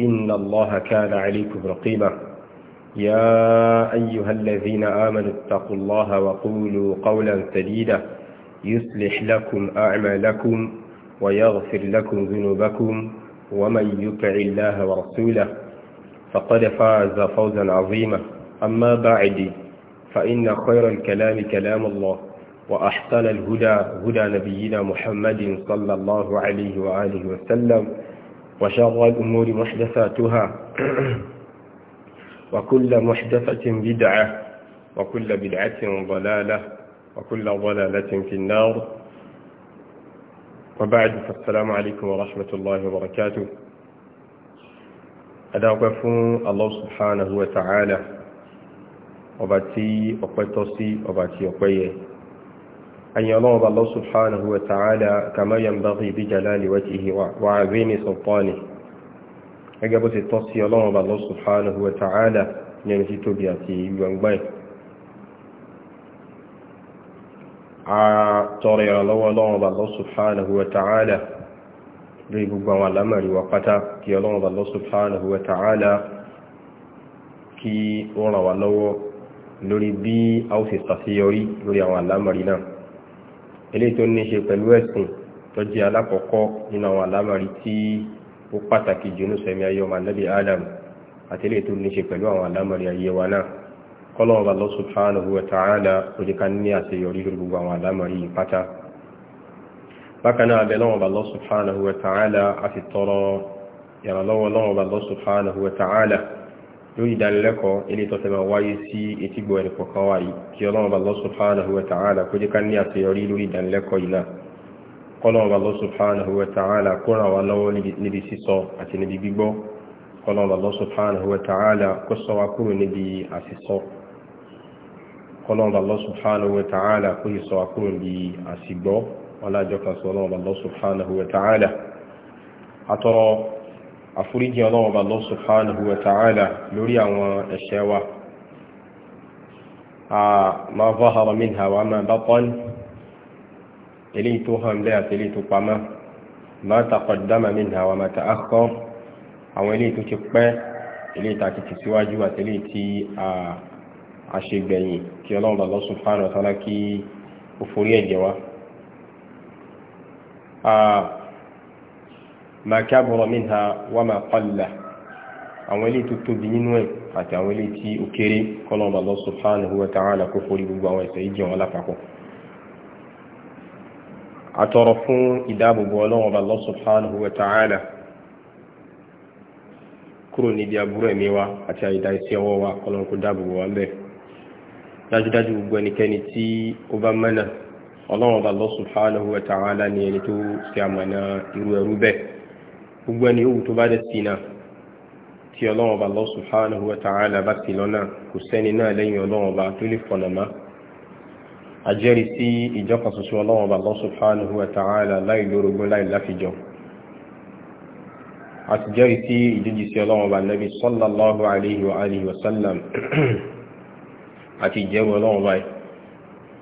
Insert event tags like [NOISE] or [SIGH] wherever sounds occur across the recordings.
إن الله كان عليكم رقيبا يا أيها الذين آمنوا اتقوا الله وقولوا قولا سديدا يصلح لكم أعمالكم ويغفر لكم ذنوبكم ومن يطع الله ورسوله فقد فاز فوزا عظيما أما بعد فإن خير الكلام كلام الله وأحسن الهدى هدى نبينا محمد صلى الله عليه وآله وسلم وشر الأمور محدثاتها [CLEARS THROAT] وكل محدثة بدعة وكل بدعة ضلالة وكل ضلالة في النار وبعد فالسلام عليكم ورحمة الله وبركاته أدعوكم الله سبحانه وتعالى وباتي tí وباتي tọ́ أن ينوض الله سبحانه وتعالى كما ينبغي بجلال وجهه وعظيم سلطانه أجابة التصي ينوض الله سبحانه وتعالى ينجي تبياتي ينبغي àtọrẹ ìrànlọ́wọ́ ọlọ́run bàbá subhanahu wa ta'ala rí gbogbo àwọn alamari wa pátá kí ọlọ́run bàbá subhanahu wa ta'ala kí ó ràn wá lọ́wọ́ lórí bí a ó sì ṣàṣeyọrí lórí àwọn alamari náà eléyìí tó ní ṣe pẹ̀lú ẹ̀sìn tó jẹ́ alákọ̀ọ́kọ́ nínú àwọn alámàrí tí ó pàtàkì jù nùsẹ̀mí ayé ọmọ anábì adam àti eléyìí tó ní ṣe pẹ̀lú àwọn alámàrí ayé wa náà kọ́lọ́wọ́ bá Allah subhanahu wa ta'ala ó jẹ́ ká ní àṣeyọrí lórí gbogbo àwọn alámàrí yìí pátá bákan náà abẹ́ lọ́wọ́ bá Allah subhanahu wa ta'ala lórí ìdánilẹ́kọ̀ọ́ ilé tọ́tẹ̀ máa wáyé sí etígbọ̀ ẹni kọ̀ọ̀kan wá yìí kí ọlọ́run Allah subhanahu wa ta'ala kó jẹ́ ká ní àṣeyọrí lórí ìdánilẹ́kọ̀ọ́ yìí náà kọ́lọ́run Allah subhanahu wa ta'ala kó ràn wá lọ́wọ́ níbi sísọ àti níbi gbígbọ́ kọ́lọ́run Allah subhanahu wa ta'ala kó sọ wá kúrò níbi àsìsọ àforíjì ọlọ́wọ́ bá Allah subhanahu wa ta'ala lórí àwọn ẹ̀ṣẹ̀ wa ma zahara minha wa ma batan eléyìí tó hàn bẹ́ẹ̀ àti eléyìí tó pamọ́ ma taqaddama minha wa ma ta'akhkhar àwọn eléyìí tó ti pẹ́ eléyìí tàti ti síwájú àti eléyìí tí a ṣe kí ọlọ́wọ́ bá Allah subhanahu wa kí ó forí ẹ̀jẹ̀ wa ma kabura minha wa ma qalla àwọn ilé tó tóbi nínú ẹ̀ àti àwọn ilé tí ó kéré kọlọ̀bà Allah subhanahu wa ta'ala kó forí gbogbo àwọn ẹ̀ṣẹ̀ ìjọ wọn lápapọ̀ àtọ̀rọ̀ fún ìdáàbòbò ọlọ́wọ̀bà Allah subhanahu wa ta'ala kúrò níbi aburú ẹ̀mí wa àti àìdá iṣẹ́ ọwọ́ wa ọlọ́run dáàbòbò wa bẹ́ẹ̀ dájúdájú gbogbo ẹnikẹ́ni tí ó bá mẹ́nà ọlọ́wọ̀bà Allah subhanahu wa ta'ala ni ẹni tó ṣe àmọ̀nà irú ẹrú bẹ́ẹ̀ gbogbo ẹni yòówù tó bá dẹ̀ sí náà tí ọlọ́run ọba Allah subhanahu wa ta'ala bá sí lọ́nà kò sẹ́ni náà lẹ́yìn ọlọ́run ọba tó lè fọ̀nà má àjẹ́rìí sí ìjọkan ọlọ́run ọba Allah subhanahu wa ta'ala láì lórogún láì láfijọ́ àti jẹ́rìí sí ìdíjì sí ọlọ́run ọba nabi sallallahu alayhi wa alihi wa [CLEARS THROAT] àti ìjẹ́rù ọlọ́run báyìí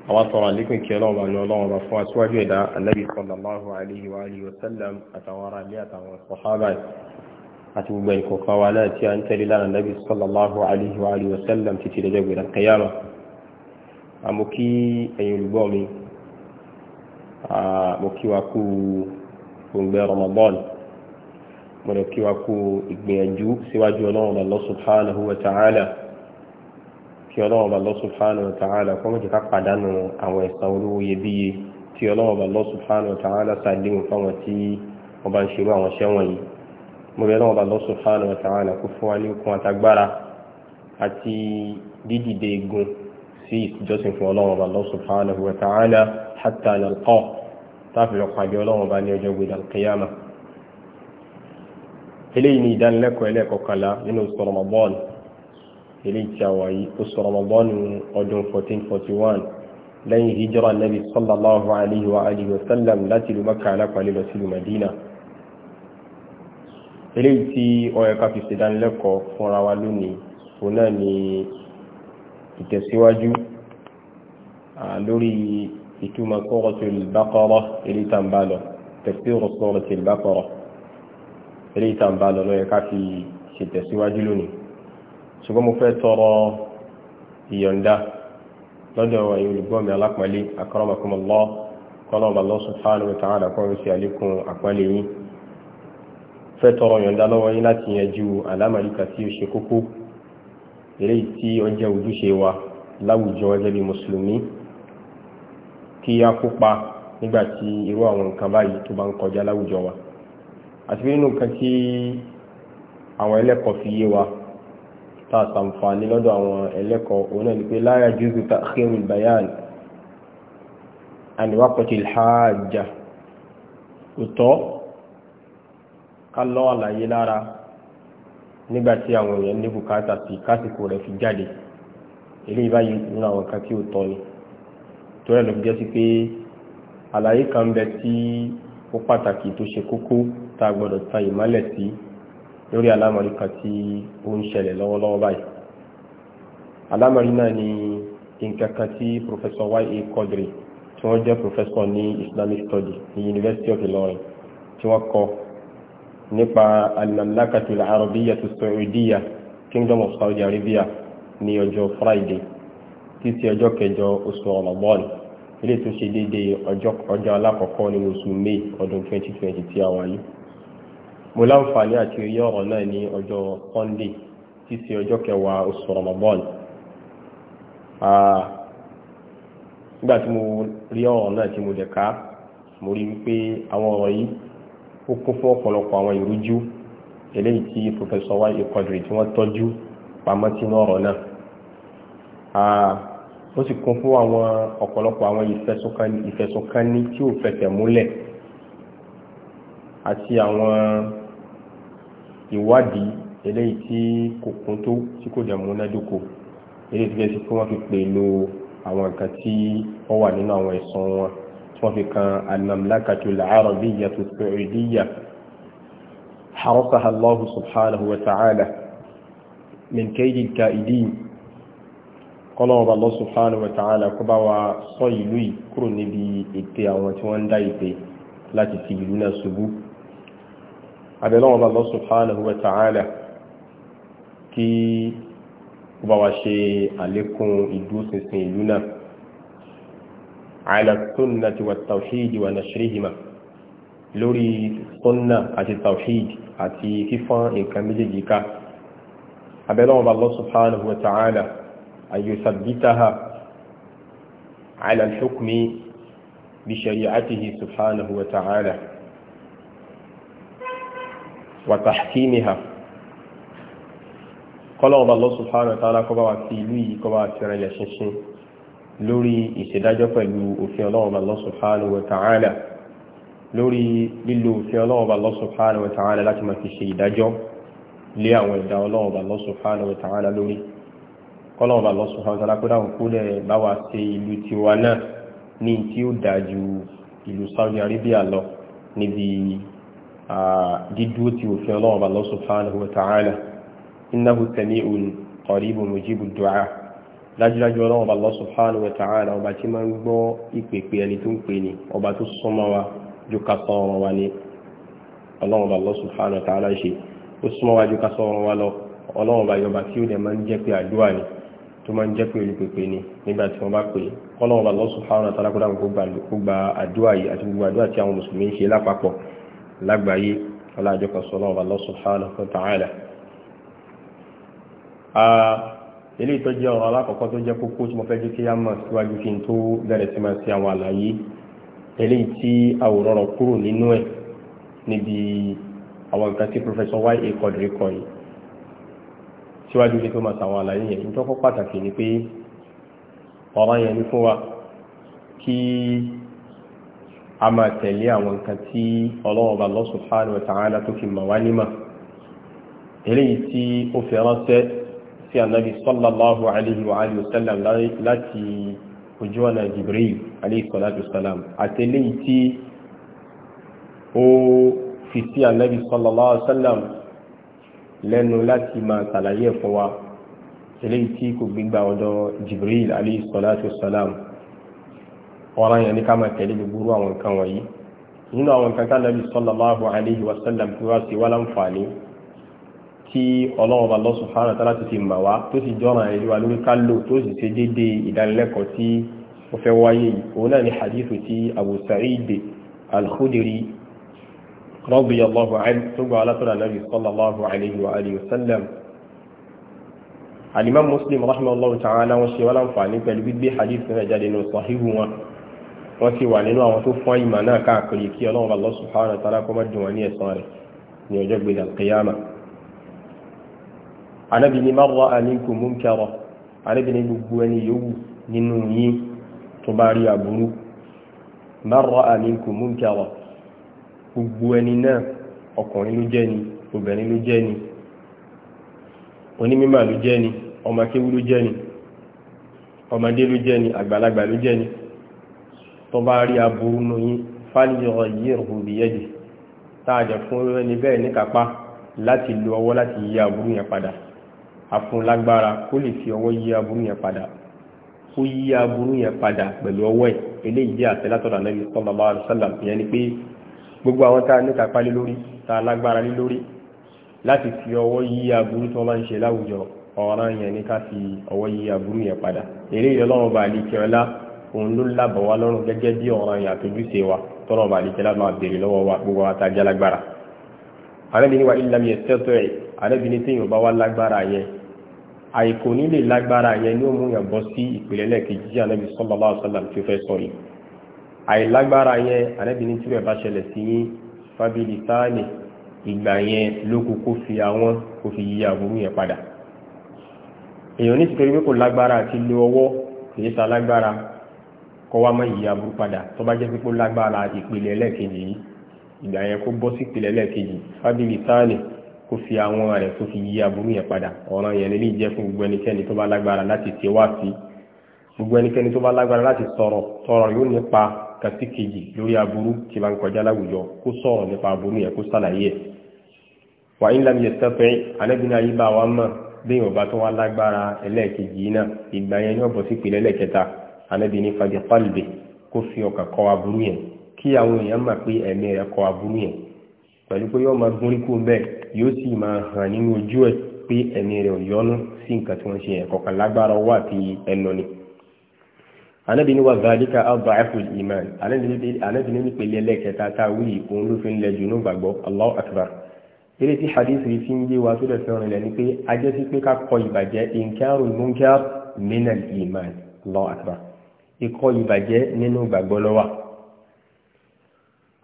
àwọn atọ́rọ̀ àlékún kí ọlọ́run bá ní ọlọ́run bá fún aṣíwájú ẹ̀dá anábì sallallahu alayhi wa alihi wa sallam àtàwọn ará ilé àtàwọn sọ̀hábà àti gbogbo ìkọ̀kan wa náà tí a ń tẹ̀lé lára anábì sallallahu alayhi wa alihi wa sallam títí dẹjọ́ gbèrà kẹyàmà àmọ́ kí ẹ̀yin olùgbọ́ kí ọlọ́wọ́ bá Allah subhanahu wa ta'ala kọ́mọ̀tì ká pàdánù àwọn ẹ̀san olówó iyebíye kí ọlọ́wọ́ bá Allah subhanahu wa ta'ala sàdéhùn fáwọn tí wọ́n bá ń ṣerú àwọn iṣẹ́ wọ̀nyí mo bẹ̀ ọlọ́wọ́ bá Allah subhanahu wa ta'ala kó fún wa ní okun àtagbára àti dídìde egun sí ìjọsìn fún ọlọ́wọ́ bá Allah subhanahu wa ta'ala eléyìí tí a wà yìí oṣù rọmọbọ́ọ̀nù ọdún fourteen forty one lẹ́yìn hijira nabi sallallahu alayhi wa alihi wa sallam láti ìlú maka alápàlẹ́ lọ sí ìlú madina eléyìí tí ó yẹ ká fi ṣèdánilẹ́kọ̀ọ́ fúnra wa lónìí òun náà ni ìtẹ̀síwájú lórí ìtumọ̀ suratul baqara eléyìí tá ń bá lọ tafsiru suratul baqara eléyìí lónìí ṣùgbọ́n mo fẹ́ tọrọ ìyọ̀ǹda lọ́dọ̀ ẹ̀yin olùgbọ́ mi alápọ̀lé akramakumullah kọ́lọ́ọ̀bà Allah subhanahu wa ta'ala kọ́ sí àlékún àpọ́lé yín fẹ́ tọrọ ìyọ̀ǹda lọ́wọ́ yín láti yanjú àlámàríkà tí ó ṣe kókó eléyìí tí ó jẹ́ ojúṣe wa láwùjọ ẹgbẹ́ bíi mùsùlùmí kí a kópa nígbà tí irú àwọn nǹkan báyìí tó bá ń kọjá láwùjọ wa àti pé nínú nǹkan tí àwọn ẹlẹ́kọ̀ọ́ fi yé wa ta a sàǹfààní lọ́dọ̀ àwọn ẹlẹ́kọ̀ọ́ òun náà ni pé la yajuzu ta'khirul bayan an waqtil hajja òtọ́ ká lọ́ àlàyé lára nígbà tí àwọn èèyàn ní bùkátà sí kásìkò rẹ̀ fi jáde eléyìí báyìí nínú àwọn kan tí ó tọ́ ni torí ẹ̀ ló fi jẹ́ sí pé àlàyé kan ń bẹ tí ó pàtàkì tó ṣe kókó tá a gbọ́dọ̀ ta ìmọ́lẹ̀ sí lórí alámọ̀rí kan tí ó ń ṣẹlẹ̀ lọ́wọ́lọ́wọ́ báyìí alámọ̀rí náà ni nǹkan kan tí professor Y.A. Quadri tí wọ́n jẹ́ professor ní Islamic study ní University of Ilorin tí wọ́n kọ nípa al-Mamlakatu al-Arabiyyatu Saudiya Kingdom of Saudi Arabia ní ọjọ́ Friday tí sí ọjọ́ kẹjọ oṣù ọ̀lọ́gbọ́n ilé tó ṣe déédéé ọjọ́ alákọ̀ọ́kọ́ nínú oṣù May ọdún 2020 tí a wáyé mo láǹfààní àti oyé ọ̀rọ̀ náà ní ọjọ́ sunday tí í ṣe ọjọ́ kẹwàá oṣù ramadan nígbà tí mo rí ọ̀rọ̀ náà tí mo dẹ̀ ká mo rí wípé àwọn ọ̀rọ̀ yìí ó kún fún ọ̀pọ̀lọpọ̀ àwọn ìrújú eléyìí tí professor wa ìkọdìrì tí wọ́n tọ́jú pamọ́ sínú ọ̀rọ̀ náà ó sì kún fún àwọn ọ̀pọ̀lọpọ̀ àwọn ìfẹ̀sùnkanni tí ò fẹsẹ̀ múlẹ̀ àti àwọn ìwádìí eléyìí tí kò kún tó tí kò dẹ̀ múnádóko eléyìí tí gẹ́sì kí wọ́n fi pè lo àwọn nǹkan tí ó wà nínú àwọn ẹ̀sùn wọn tí wọ́n fi kan al-mamlakatu al-arabiyyatu as-saudiyya harasaha Allahu subhanahu wa ta'ala min kaydi al-ka'idin kọ́lọ́wọ́ Allah subhanahu wa ta'ala kó bá wa sọ ìlú yìí kúrò níbi ète àwọn tí wọ́n ń dá ìpè láti fi ìlú náà ṣubú abẹ́lọ́wọ́ bá Allah subhanahu wa ta'ala kí ó bá wa ṣe àlékún ìdúróṣinṣin ìlú náà ala sunnati wa tawhid wa nashrihima lórí sunna àti tawhid àti fífọ́n nǹkan méjèèjì ká abẹ́lọ́wọ́ bá Allah subhanahu wa ta'ala ayusabbitaha ala al-hukmi bi shari'atihi wa tahkimiha kọ́lọ́ọ̀bà Allah subhanahu wa ta'ala kọ́bá wa ti ìlú yìí kọ́bá wa ti rẹ̀lẹ̀ ṣinṣin lórí ìṣèdájọ́ pẹ̀lú òfin ọlọ́ọ̀bà Allah subhanahu wa ta'ala lórí lílo òfin ọlọ́ọ̀bà Allah subhanahu wa ta'ala láti máa fi ṣe ìdájọ́ lé àwọn ẹ̀dá ọlọ́ọ̀bà Allah subhanahu wa ta'ala lórí dídúró ti òfin ọlọ́run bá Allah subhanahu wa ta'ala innahu sami'un qaribun mujibu du'a dájúdájú ọlọ́run bá Allah subhanahu wa ta'ala ọba tí máa ń gbọ́ ìpèpè ẹni tó ń pè ní ọba tó súnmọ́ wa ju ká sọ ọ̀rọ̀ wa ní ọlọ́run wa ta'ala ṣe ó súnmọ́ wa ju ká sọ ọ̀rọ̀ wa lọ ọlọ́run bá yọba tí ó dẹ̀ máa ń jẹ́ pé lágbàáyé ọlájọ́kọ̀ sọ́lọ́wọ́ Allah subhanahu wa ta'ala ilé tó jẹ́ ọ̀rọ̀ alákọ̀ọ́kọ́ tó jẹ́ kókó tí mo fẹ́ jẹ́ kí á mọ̀ síwájú kí n tó bẹ̀rẹ̀ sí máa ṣe àwọn àlàyé ilé tí àwòrán rọ̀ kúrò nínú ẹ̀ níbi àwọn nǹkan tí Professor Y.A. Qadri kọ yìí síwájú kí tó máa ṣàwọn àlàyé yẹn ní tọ́kọ́ pàtàkì ni pé ọ̀ràn yẹn ní fún wa kí a máa tẹ̀lé àwọn nǹkan tí ọlọ́wọ́ba Allah subhanahu wa ta'ala tó fi mọ̀ wá nímọ̀ eléyìí tí ó fi ránṣẹ́ sí anabi sallallahu alayhi wa alihi wa sallam láti ojú ọ̀nà jibril alayhi salatu salam àti eléyìí tí ó fi sí anabi sallallahu alayhi wa salatu salam ọ̀ràn yẹn ní ká máa tẹ̀lé gbogbo àwọn nǹkan wọ̀nyí nínú àwọn nǹkan tá nàbí sallallahu alayhi wa sallam fi wá sí wá láǹfààní tí ọlọ́run bá lọ́sùn fún àràtà láti fi mà wá tó sì jọ́ra ẹ̀rí wa lórí kálò tó sì ṣe déédéé ìdánilẹ́kọ̀ọ́ tí ó fẹ́ wáyé yìí òun náà ni hadithu ti Abu Sa'id al-Khudri radiyallahu anhu tó gba alátọ́nà nàbí sallallahu alayhi wa wa sallam alimam Muslim rahimahullahu ta'ala wọn ṣe wá láǹfààní pẹ̀lú gbígbé hadith náà jáde nù sahihu wọn wọ́n ti wà nínú àwọn tó fún ìmọ̀ náà káàkiri kí ọlọ́run Allah subhanahu wa ta'ala kó má dùn wọn ní ẹ̀san rẹ̀ ní ọjọ́ gbé al-qiyama anábì ní man ra'a minkum munkara anábì ní gbogbo ẹni yòówù nínú yín tó bá rí aburú man ra'a minkum munkara gbogbo ẹni náà ọkùnrin ló jẹ́ ni tó bá rí aburú nù yín fáliyọ̀ yìí rùn bí yẹ́dì táàjẹ̀ fún ẹni bẹ́ẹ̀ ní kápá láti lo ọwọ́ láti yí aburú yẹn padà àfún lágbára kó lè fi ọwọ́ yí aburú yẹn padà kó yí aburú yẹn padà pẹ̀lú ọwọ́ ẹ̀ eléyìí jẹ́ àṣẹ látọ̀dọ̀ Ànábì sallallahu alaihi ìyẹn ni pé gbogbo àwọn tá ní kápá lé lórí tá lágbára lé lórí láti fi ọwọ́ yí aburú tí wọ́n bá ń ṣe láwùjọ ọ̀ràn yẹn ní ká fi ọwọ́ yí aburú yẹn padà eléyìí ọlọ́run bá àlè kẹrẹ́lá òun ló lábọ̀ wá lọ́rùn gẹ́gẹ́ bí ọ̀ràn yà tó júṣe wa tọ́nà ọba àlejò lábọ̀ àbèrè lọ́wọ́ wa gbogbo wa ta jálágbára arábìnrin wa ilẹ̀ mi ẹ̀ arábìnrin tí yóò bá wá lágbára yẹn àìkò nílè lágbára yẹn ni ó mú yàn bọ́ sí ìpìlẹ̀ lẹ́ẹ̀kejì tí anábì sallallahu alaihi wasallam tí ó fẹ́ sọ yìí àìlágbára yẹn arábìnrin tí rẹ̀ bá ṣẹlẹ̀ sí yín fábílì sáàlì ìgbà yẹn ló kú fi àwọn kó fi yí àbúrú yẹn padà èèyàn ní ti torí pé kò lágbára àti lo ọwọ́ kì í sa lágbára kọ́ wa mọ́ ìyí aburú padà tó bá jẹ́ pípọ́ lágbára ìpìlẹ̀ ẹlẹ́ẹ̀kejì yìí ìgbà yẹn kó bọ́ sí ìpìlẹ̀ ẹlẹ́ẹ̀kejì fábílì sáàlì kó fi àwọn rẹ̀ tó fi yí aburú yẹn padà ọ̀ràn yẹn lè jẹ́ fún gbogbo ẹnikẹ́ni tó bá lágbára láti ṣe wá sí gbogbo ẹnikẹ́ni tó bá lágbára láti sọ̀rọ̀ tọrọ yóò nípa kàtí kejì lórí aburú tí bá ń kọjá láwùjọ kó sọ̀rọ̀ nípa aburú yẹn kó sàlàyé ẹ̀ wà wa mọ̀ bí ìwọ̀nba tó wá lágbára ẹlẹ́ẹ̀kejì náà ìgbà anabi ní fàdí pálíbì kó fi ọkàn kọ aburú yẹn kí àwọn èèyàn mọ̀ pé ẹ̀mí rẹ̀ kọ aburú yẹn pẹ̀lú pé yóò máa gúnrí kú bẹ́ẹ̀ yóò sì máa hàn nínú ojú ẹ̀ pé ẹ̀mí rẹ̀ ò yọnu sí nǹkan tí wọ́n ṣe ẹ̀kọ́ kan lágbára ọwọ́ àti ẹnu ni. anabi ní zalika ad'afu al-iman anabi ní nípele ẹlẹ́kẹta tá a wí òun ló fi ń lẹ jùnú gbàgbọ́ Allahu akbar eré tí hadith yìí fi ń gbé wa tó dẹ̀ fẹ́ràn rẹ̀ ni pé ajẹ́sí pé ká kọ ìbàjẹ́ inkarul munkar minal iman Allahu ikọ́ ìbàjẹ́ nínú ìgbàgbọ́ ló wà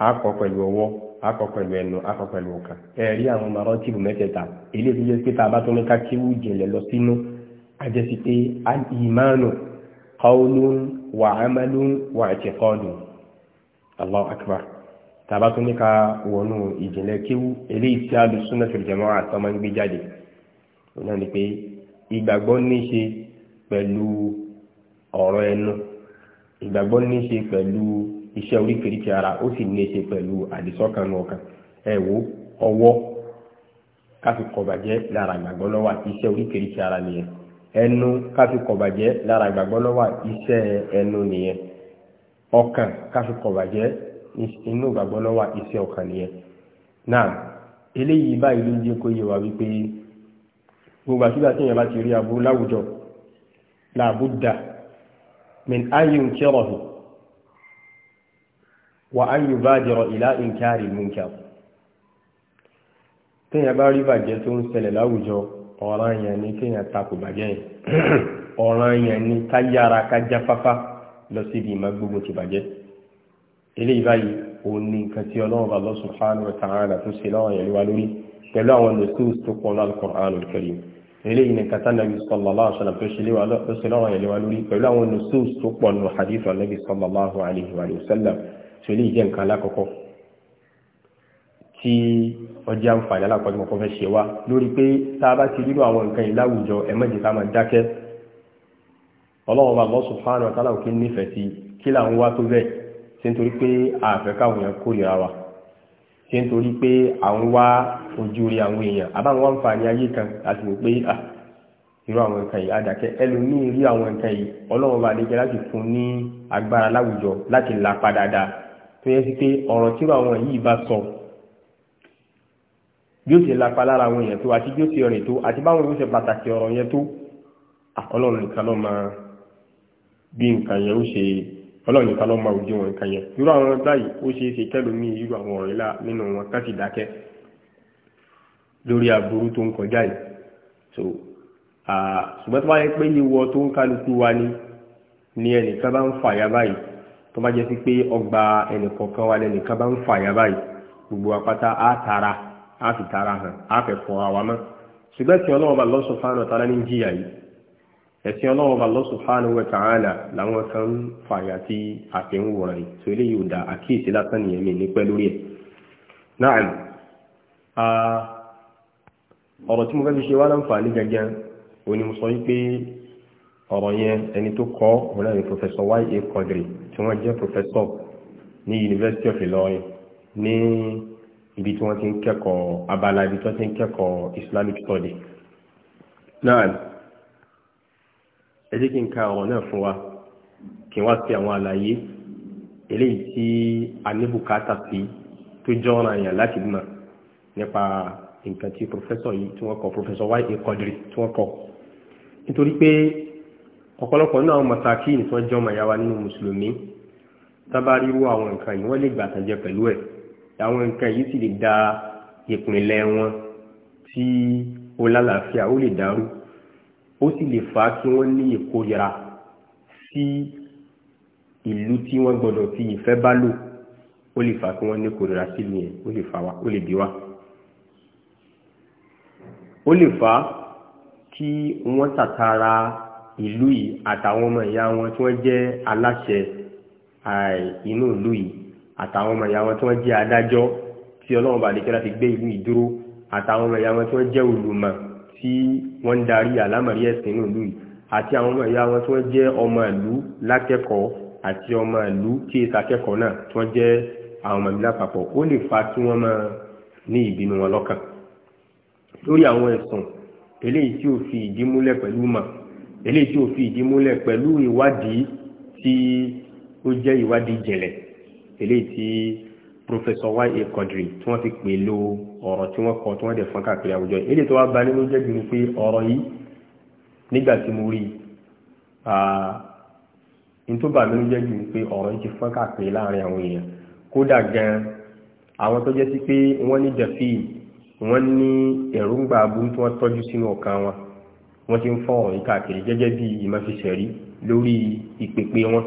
á kọ́ pẹ̀lú ọwọ́ á kọ́ pẹ̀lú ẹnu á kọ́ pẹ̀lú ọkàn ẹ̀rí àwọn màrọ́tìbù mẹ́tẹ̀ẹ̀ta ilé ìfijẹ́ pé tá a bá tún ní ká kéwú jìnlẹ̀ lọ sínú àjẹsí pé ìmánu qawlun wa amalun wa i'tiqadun Allahu akbar tá bá tún ní ká wọnú ìjìnlẹ̀ kéwú eléyìí tí Ahlus Sunnah wal Jama'ah àtọ́mọ́ ń gbé jáde ìgbàgbọ́ ní í ṣe pẹ̀lú ọ̀rọ̀ ẹnu ìgbàgbọ́ ní ṣe pẹ̀lú iṣẹ́ oríkèéríkè ara ó sì ní ṣe pẹ̀lú àdìsọ́kànnù ọkàn ẹ wo ọwọ́ káfí kọ̀bàjẹ́ lára ìgbàgbọ́ ló wà iṣẹ́ oríkèéríkè ara nìyẹn ẹnu káfí kọ̀bàjẹ́ lára ìgbàgbọ́ ló wà iṣẹ́ ẹnu nìyẹn ọkàn káfí kọ̀bàjẹ́ inú ìgbàgbọ́ ló wà iṣẹ́ ọkàn nìyẹn náà eléyìí báyìí ló ń jẹ́ kó yé wa wípé gbogbo àtúgbà tí èèyàn bá ti rí aburú láwùjọ làbúdà من أن ينكره وأن يبادر إلى إنكار المنكر téèyàn bá rí bàjẹ́ tó ń ṣẹlẹ̀ láwùjọ ọ̀ràn yẹn ni kéèyàn takò bàjẹ́ yẹn [CLEARS THROAT] ọ̀ràn yẹn ni ká yára ká jáfáfá lọ síbi ìmọ̀ gbogbo ti bàjẹ́ eléyìí báyìí òun ni nǹkan tí ọlọ́run bá Allah subhanahu wa ta'ala tó ṣe lọ́wọ́ yẹn lórí pẹ̀lú àwọn nùsùs tó pọ̀ lálùkùránì Karim eléyìí ni kata nabi sallallahu alaihi wa sallam tó ṣe lọ́rọ̀ yẹn léwa lórí pẹ̀lú àwọn nusus tó pọ̀ nù hadith nabi sallallahu alaihi wa sallam tó lè jẹ́ nǹkan alákọ̀ọ́kọ́ tí ọjọ́ àǹfààní alákọ̀ọ́kọ́ kọ́ fẹ́ ṣe wá lórí pé tá a bá ti rírò àwọn nǹkan yìí láwùjọ ẹ má jẹ́ máa dákẹ́ ọlọ́run bá Allah ṣe ń torí pé àwọn wá ojú rí àwọn èèyàn àbáwọn wá ń fa ní ayé kan láti wò pé à ah, irú àwọn nǹkan yìí àdàkẹ́ ẹlòmíì rí àwọn nǹkan yìí ọlọ́run bá lè jẹ́ láti fún ní agbára láwùjọ láti là pa dáadáa tó yẹ sí pé ọ̀rọ̀ tí irú àwọn yìí bá sọ bí ó ṣe lapa lára àwọn èèyàn tó àti bí ó ṣe rìn tó àti báwọn yóò ṣe pàtàkì ọ̀rọ̀ yẹn tó ọlọ́run nìkan ló máa bí nǹkan yẹn ó ṣe ọlọ́run nìkan ló máa ojú wọn nǹkan yẹn irú àwọn báyìí ó ṣeé ṣe kẹlòmí irú àwọn ọ̀rẹ́ là nínú wọn ká dákẹ́ lórí aburú tó ń kọjá yìí so ṣùgbọ́n tó bá yẹ pé ìwọ tó ń kálukú wa ni ni ẹnìkan bá ń fàyà báyìí tó bá jẹ́ sí pé ọgbà ẹnìkọ̀ọ̀kan wa lẹ́nìkan bá ń fàyà báyìí gbogbo apáta á tara á fi tara hàn á fẹ́ fọ́ àwa mọ́ ṣùgbọ́n tí ọlọ́run bá lọ́sọ̀ fáwọn ọ̀tá lẹ́ni ẹ̀sìn ọlọ́run bá Allah subhanahu wa ta'ala làwọn kan ń fàyà tí àfihàn yìí tó ilé yóò da àkíyèsí lásán nìyẹn mi ní pẹ́ lórí ẹ̀. náà ọ̀rọ̀ tí mo fẹ́ fi ṣe wá láǹfààní gangan òní mo sọ wípé ọ̀rọ̀ yẹn ẹni tó kọ́ òun náà ni professor Y.A. Quadri tí wọ́n jẹ́ professor ní University of Ilorin ní ibi tí wọ́n ti ń kẹ́kọ̀ọ́ abala ibi tí wọ́n ti ń kẹ́kọ̀ọ́ Islamic study. náà ẹ jẹ́ kí n ka ọ̀rọ̀ náà fún wa kí n wá sí àwọn àlàyé eléyìí tí a ní bùkátà sí tó jọ ọ̀ràn yàn láti mọ̀ nípa nǹkan tí pòfẹ́sọ̀ yìí tí wọ́n kọ pòfẹ́sọ̀ wáyé ìkọdìrì tí wọ́n kọ nítorí pé ọ̀pọ̀lọpọ̀ nínú àwọn mọ̀sáàkì ní tí jọ màyà wa nínú mùsùlùmí tábàárí wọ àwọn nǹkan yìí wọ́n lè gbà tàn jẹ pẹ̀lú ẹ̀ àwọn nǹkan yìí sì lè da ìpìnlẹ̀ wọn tí ó lálàáfíà ó lè dàrú ó sì lè fà á kí wọ́n ní ìkórira sí ìlú tí wọ́n gbọ́dọ̀ fi ìfẹ́ bá lò ó lè fà á kí wọ́n ní ìkórira sí ìlú yẹn ó lè fà wá ó lè bí wá. ó lè fà á kí wọ́n tàtàrà ìlú yìí àtàwọn ọmọ ìyá wọn tí wọ́n jẹ́ aláṣẹ inú ìlú yìí àtàwọn ọmọ ìyá wọn tí wọ́n jẹ́ adájọ́ tí ọlọ́run bàdékẹ́lá ti gbé ìlú yìí dúró àtàwọn ọmọ ìyá wọn tí wọ́n jẹ́ olùmọ̀ tí wọ́n ń darí àlámọ̀rí ẹ̀sìn nínú ìlú yìí àti àwọn ọmọ ìyá wọn tí wọ́n jẹ́ ọmọ ìlú lákẹ́kọ̀ọ́ àti ọmọ ìlú kí èsì e akẹ́kọ̀ọ́ náà tí wọ́n jẹ́ àwọn ọmọ ìlú lápapọ̀ ó lè fa kí wọ́n máa ní ìbínú wọn lọ́kàn lórí àwọn ẹ̀sùn eléyìí tí ò fi ìdí múlẹ̀ pẹ̀lú mọ̀ eléyìí tí ò fi ìdí múlẹ̀ pẹ̀lú ìwádìí tí ó jẹ́ ìwádìí jẹ̀lẹ̀ eléyìí tí Professor Y.A. Quadri tí wọ́n ti pè lo ọ̀rọ̀ tí wọ́n kọ tí wọ́n dẹ̀ fọ́n káàkiri àwùjọ yìí èdè tó wá ba nínú jẹ́ jù ní pé ọ̀rọ̀ yìí nígbà tí mo rí i n tó bà nínú jẹ́ jù ní pé ọ̀rọ̀ yìí ti fọ́n káàkiri láàrin àwọn èèyàn kódà gan àwọn tó jẹ́ sí pé wọ́n ní dẹ̀fí wọ́n ní èròǹgbà aburú tí wọ́n tọ́jú sínú ọkàn wọn wọ́n ti ń fọ́ ọ̀rọ̀ yìí káàkiri gẹ́gẹ́ bí ìmọ̀fisẹ̀rí lórí ìpèpè wọn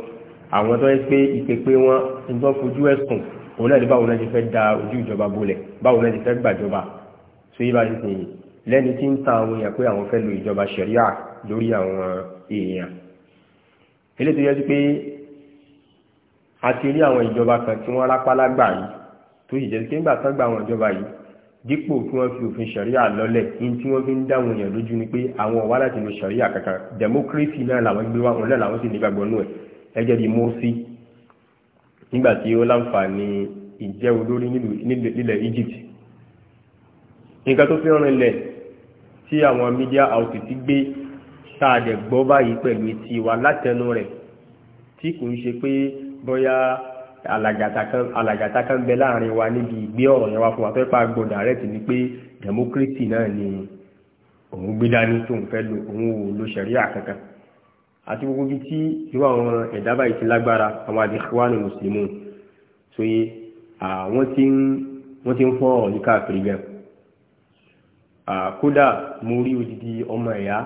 àwọn tó yẹ pé ìpèpè wọn ń tọ́ fojú ẹ̀sùn òun náà ní báwo náà ti fẹ́ da ojú ìjọba bolẹ̀ báwo náà ti fẹ́ gbàjọba tó yí bá ti sìn yìí lẹ́ni tí ń ta àwọn èèyàn pé àwọn fẹ́ lo ìjọba ṣẹ̀ríà lórí àwọn èèyàn eléyìí tó yẹ sí pé a ti rí àwọn ìjọba kan tí wọ́n rápálá gbà yìí tó yìí jẹ́ pé ńgbà tán gba àwọn ìjọba yìí dípò kí wọ́n fi òfin ṣẹ̀ríà lọ́lẹ̀ ní tí wọ́n fi ń dáwọn èèyàn lójú ni pé àwọn ọ̀wá láti lo ṣẹ̀ríà kankan democracy náà làwọn gbé wá òun náà làwọn sì ní gbàgbọ́ nù ẹ̀ ẹgẹ́ bíi Morsi nígbà o ó láǹfààní ìjẹ́ olórí nílẹ̀ Egypt nǹkan tó fi rán ilẹ̀ tí àwọn media outlet ti gbé sáàdẹ̀ gbọ́ báyìí pẹ̀lú etí wa látẹnu rẹ̀ tí kò ń ṣe pé bóyá alàgàtà kan bẹ láàrin wa níbi ìgbé ọ̀rọ̀ yẹn wá fún wa tó pa gbọ́ direct ni pé democracy náà ni òun gbé dání tó ń fẹ́ lò òun ò lo ṣẹ̀ríà kankan àti gbogbo bí tí irú àwọn ẹ̀dá báyìí ti lágbára àwọn àdìsíwánù mùsùlùmù tó yé àwọn tí wọ́n ti ń fọ́ ọ̀rọ̀ ní káàkiri gan kódà mo rí odidi ọmọ ẹ̀yà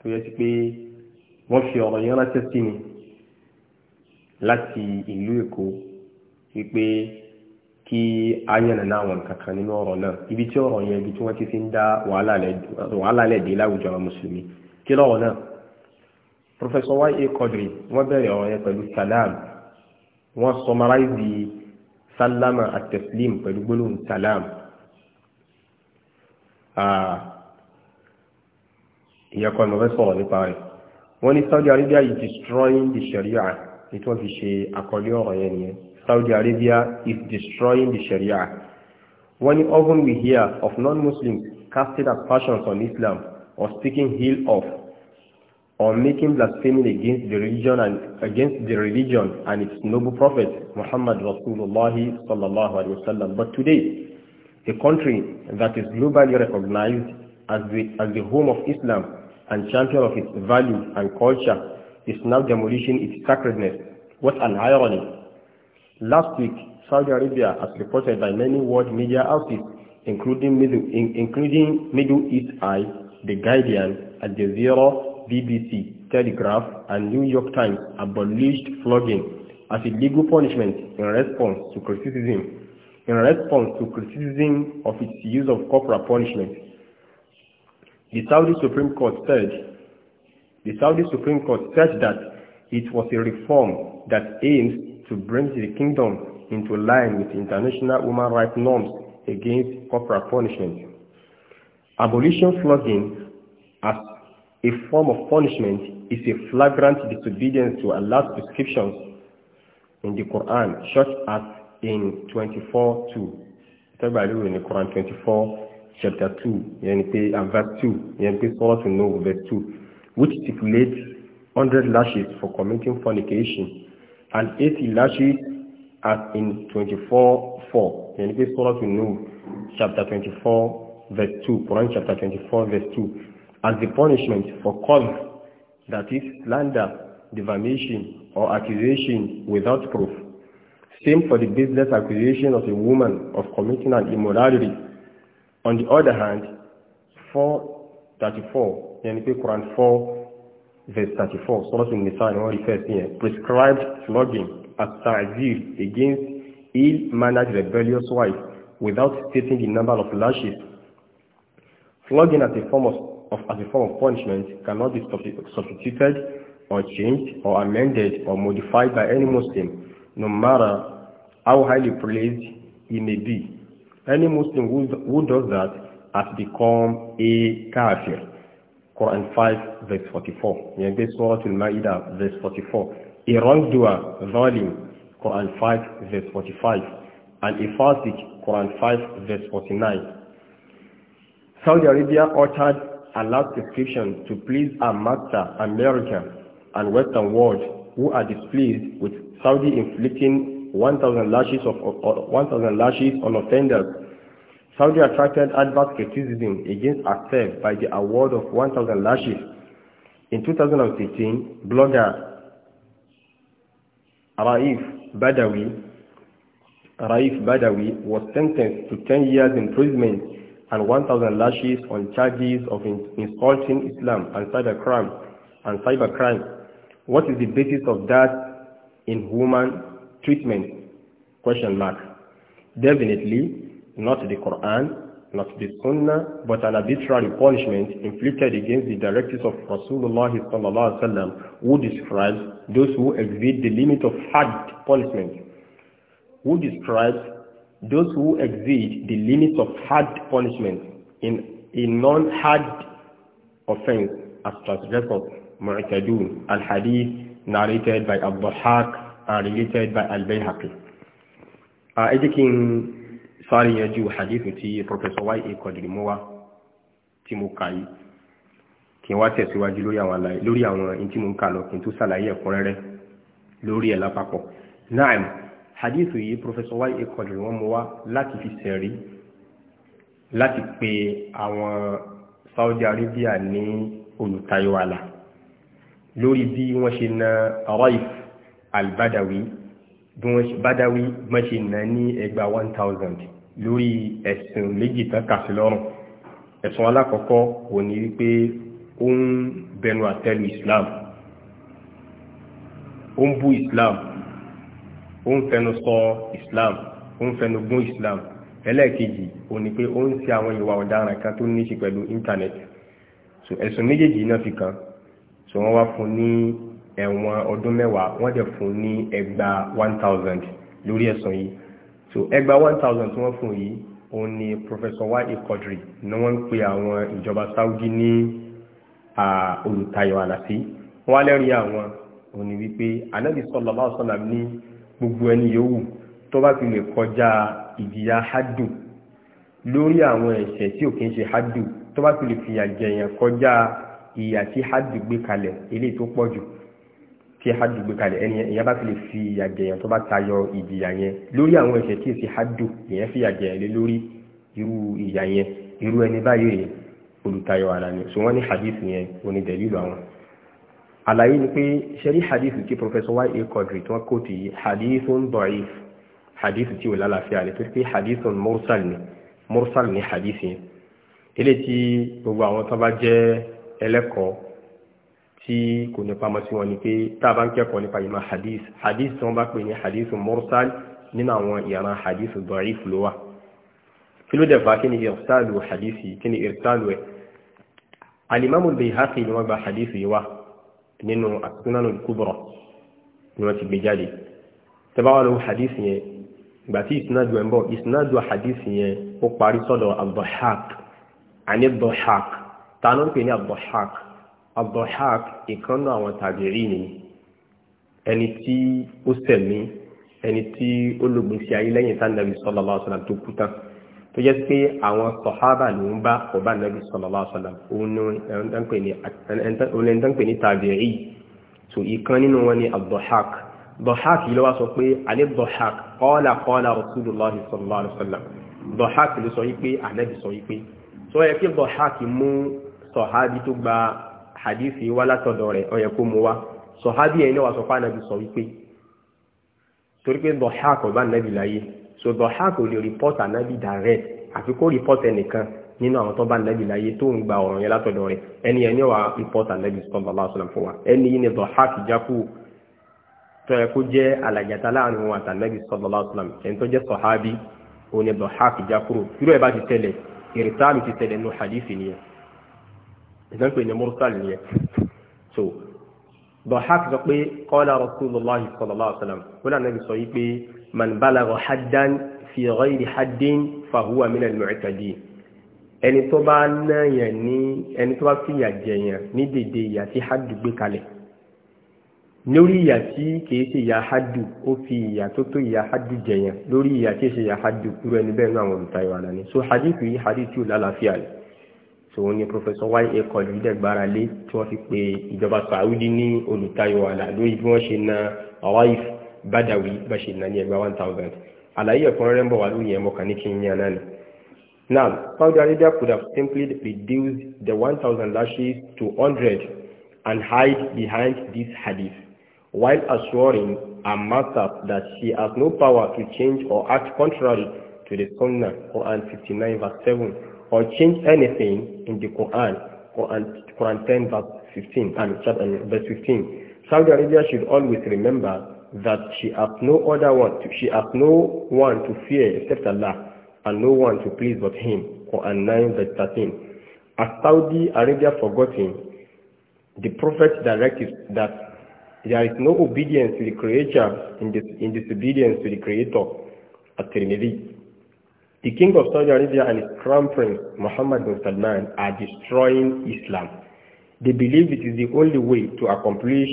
tó yẹ sí pé wọ́n fi ọ̀rọ̀ yẹn ránṣẹ́ sí mi láti ìlú èkó wípé kí a yànnàná àwọn nǹkan kan nínú ọ̀rọ̀ náà ibi tí ọ̀rọ̀ yẹn ibi tí wọ́n ti fi ń dá wàhálà lẹ́dí láwùjọ àwọn mùsùlùmí kí lọ́rọ̀ náà professor Y.A. Qadri wọ́n bẹ̀rẹ̀ ọ̀rọ̀ yẹn pẹ̀lú salam wọ́n sọmaráìzì sálámà àtẹ̀sílìm pẹ̀lú gbólóhùn salam ìyẹn kan mo fẹ́ sọ̀rọ̀ nípa rẹ̀ wọ́n ní Saudi Arabia is destroying the Sharia ní tí wọ́n fi ṣe àkọlé ọ̀rọ̀ yẹn nìyẹn Saudi Arabia is destroying the Sharia wọ́n ní often we hear of non-Muslims casting aspersions on Islam or speaking ill of On making blasphemy against the religion and against the religion and its noble prophet Muhammad Rasulullah sallallahu alaihi wasallam. But today, a country that is globally recognized as the as the home of Islam and champion of its values and culture is now demolishing its sacredness. What an irony! Last week, Saudi Arabia, as reported by many world media outlets, including Middle, in, including Middle East Eye, The Guardian, Al Jazeera, BBC, Telegraph, and New York Times abolished flogging as a legal punishment in response to criticism in response to criticism of its use of corporal punishment. The Saudi Supreme Court said the Saudi Supreme Court said that it was a reform that aims to bring the kingdom into line with international human rights norms against corporal punishment. Abolition flogging as a form of punishment is a flagrant disobedience to Allah's prescriptions in the Quran, such as in 24-2. in the Quran 24, chapter 2, yẹni and verse 2, yẹni pé Surah to know verse 2, which stipulates 100 lashes for committing fornication and 80 lashes as in 24-4, yẹni verse Surah to know chapter 24, verse 2, Quran chapter 24, verse 2 as the punishment for qadh, that is slander, defamation, or accusation without proof. Same for the business accusation of a woman of committing an immorality. On the other hand, 434, Yanipe Quran 4, verse 34, Surah Nisa and the first here, prescribed flogging as ta'zir against ill-mannered rebellious wife without stating the number of lashes. Flogging as a form of of, as a form of punishment cannot be substituted or changed or amended or modified by any Muslim, no matter how highly praised he may be. Any Muslim who, who does that has become a kafir. Quran 5 verse 44. Yenge Surah Al-Ma'idah verse 44. A wrongdoer, zalim, Quran 5 verse 45. And a fasik, Quran 5 verse 49. Saudi Arabia ordered. Allah's prescription to please our master, America, and Western world, who are displeased with Saudi inflicting 1,000 lashes, of, of, 1,000 lashes on offenders. Saudi attracted adverse criticism against herself by the award of 1,000 lashes. In 2015, blogger Raif Badawi, Raif Badawi was sentenced to 10 years imprisonment and 1,000 lashes on charges of insulting Islam and cybercrime. And cybercrime. What is the basis of that in human treatment? Question mark. Definitely not the Quran, not the Sunnah, but an arbitrary punishment inflicted against the directives of Rasulullah sallam, who describes those who exceed the limit of hard punishment, who describes those who exceed the limits of hard punishment in a non-hard offense as transgressors, mu'tadun, al-hadith narrated by Abu Haq and related by al-Bayhaqi. A ah, jẹ́ kí n sáré yẹjú hadith tí Professor Y.A. Kọ̀dìrìmọ́wá tí mo kà yìí, kí wá tẹ̀síwájú lórí àwọn in tí mo ń kà lọ, kí tó sàlàyé ẹ̀kúnrẹ́rẹ́ lórí ẹ̀ hadith yìí professeur, wa ekọdù wọn mú wá láti fi sẹ̀rí láti pe àwọn Saudi Arabia ni olùtayọ àlà lórí bí wọ́n ṣe na Raif al-Badawi bí Badawi machine, ṣe na ní ẹgbà 1000 lórí ẹ̀sùn méjì tán kà sí lọ́rùn ẹ̀sùn alákọ̀ọ́kọ́ kò ní wípé ó ń bẹnu àtẹ́lu Islam ó ń bú Islam ó ń fẹnu sọ islam ó ń fẹnu gún islam ẹlẹ́ẹ̀kejì ó ní pé ó ń ṣe àwọn ìwà ọ̀daràn kan tó ní ṣe pẹ̀lú internet so ẹ̀sùn méjèèjì náà fi kàn so wọ́n wá fún ní ẹ̀wọ̀n ọdún mẹ́wàá wọ́n dẹ̀ fún ní ẹgbàá one thousand lórí ẹ̀sùn yìí so ẹgbàá one thousand tí wọ́n fún yìí òun ni professor wa'il Qadri ni wọ́n ń pe àwọn ìjọba Saudi ní olùtayọ̀ àlàsí wọ́n á lẹ́rìí àwọn òun ni wípé Ànábì sallallahu alaihi wasallam ní gbogbo ẹni yòówù tó bá fi lè kọjá ìjìyà hádù lórí àwọn ẹ̀ṣẹ̀ tí ò kí ń ṣe hádù tó bá fi lè fìyà jẹyàn kọjá ìyà tí hádù gbé kalẹ̀ eléyìí tó pọ̀ jù tí hádù gbé kalẹ̀ ẹni ìyá bá fi lè fi ìyà jẹyàn tó bá tayọ ìjìyà yẹn lórí àwọn ẹ̀ṣẹ̀ tí ò sí hádù ìyẹn fìyà jẹyàn lé lórí irú ìyà yẹn irú ẹni báyìí olùtayọ ara ni so wọ́n ní hadith yẹn onídẹ̀lílù àwọn àlàyé ni pé ṣẹ́rí hadith tí professor y.a. Qadri tí wọ́n kó ti hadithun da'if hadith tí ò lálàáfíà ni tó pé hadithun mursal ni mursal ni hadith yẹn ilé tí gbogbo àwọn tó bá jẹ́ ẹlẹ́kọ̀ọ́ tí kò ní pamọ́ sí wọn ni pé tá a bá ń kẹ́kọ̀ọ́ nípa ìmọ̀ hadith hadith tí wọ́n bá pè ní hadithun mursal nínú àwọn ìran hadith da'if ló wà kí ló dẹ̀ fà kí ni irsalu hadith kí ni irsalu ẹ̀ alimamu Bayhaqi ni wọ́n gba hadith yìí wá nínú as-Sunan al-Kubra ni wọ́n ti gbé jáde tẹ́báwá ló hadith yẹn ìgbà tí ìsinádùn ẹ̀ ń bọ̀ ìsinádùn hadith yẹn ó parí sọ́dọ̀ abdulhaq àní abdulhaq tánú pè ní abdulhaq abdulhaq ìkànnà àwọn tàbírí ni ẹni tí ó sẹ̀mí ẹni tí ó lògbèsè ayé lẹ́yìn tánàbí sallallahu alaihi wasallam tó kú tó jẹ́ pé àwọn sọ̀hábà ló ń bá ọba nàbí sallallahu alaihi wasallam òun lẹ́ni tán pè ní tàbírí so ìkan nínú wọn ni abdulhaq abdulhaq yìí ló wá sọ pé alẹ́ abdulhaq qala qala rasulullah sallallahu alaihi wasallam abdulhaq ló sọ yí pé ànábì sọ yí pé so ó yẹ kí abdulhaq mú sọ̀hábì tó gba hadithi wá látọ̀dọ̀ rẹ̀ so Dhahhak kò lè report ànábì direct àfi kó report ẹnìkan nínú àwọn tó bá ànábì láyé tó ń gba ọ̀rọ̀ yẹn látọ̀dọ̀ rẹ̀ ẹni yẹn ni wà report ànábì sallallahu alaihi wasallam fún wa ẹni yìí ni Dhahhak jákù tó yẹ kó jẹ́ alàjàtà láàrin wọn àtànábì sallallahu alaihi wasallam ẹni tó jẹ́ sọ̀hábì òun ni Dhahhak jákù irú ẹ̀ bá ti tẹ̀lẹ̀ ìrìtàmì ti tẹ̀lẹ̀ nù hadithi nìyẹn ìdánpè ni mursal nìyẹn so Dhahhak sọ pé qala Rasulullahi sallallahu alaihi wasallam kó من بلغ haddan في غير haddin fahuwa من al-mu'tadin ẹni tó bá náyàn ní ẹni tó bá fìyà jẹyàn ní dèdè ìyà tí haddu gbé kalẹ̀ lórí ìyà tí kìí ṣe ìyà haddu ó fi ìyà tó tó ìyà haddu jẹyàn lórí ìyà tí ṣe ìyà haddu irú ẹni bẹ́ẹ̀ náà àwọn olùtayọ̀ àlá ni so hadithu yìí hadithu lálàáfíà rẹ̀ tòun ni professor y a kọlu ìdẹ́gbára lé tí wọ́n fi pe ìjọba saudi ní olùtayọ̀ àlá lórí bí wọ́n ṣe na ọ̀rọ̀ badawi bọ̀ wá ni now Saudi Arabia could have simply reduced the one thousand lashes to hundred and hide behind this hadith while assuring a masters that she has no power to change or act contrary to the Sunnah Quran fifty nine verse seven or change anything in the Quran Quran Quran ten verse fifteen And chapter verse fifteen Saudi Arabia should always remember that she has no other one, to, she has no one to fear except Allah, and no one to please but Him. Or 9 verse 13. As Saudi Arabia forgotten, the Prophet directed that there is no obedience to the Creator in, this in disobedience to the Creator. At The king of Saudi Arabia and his crown prince, Mohammed bin Salman, are destroying Islam. They believe it is the only way to accomplish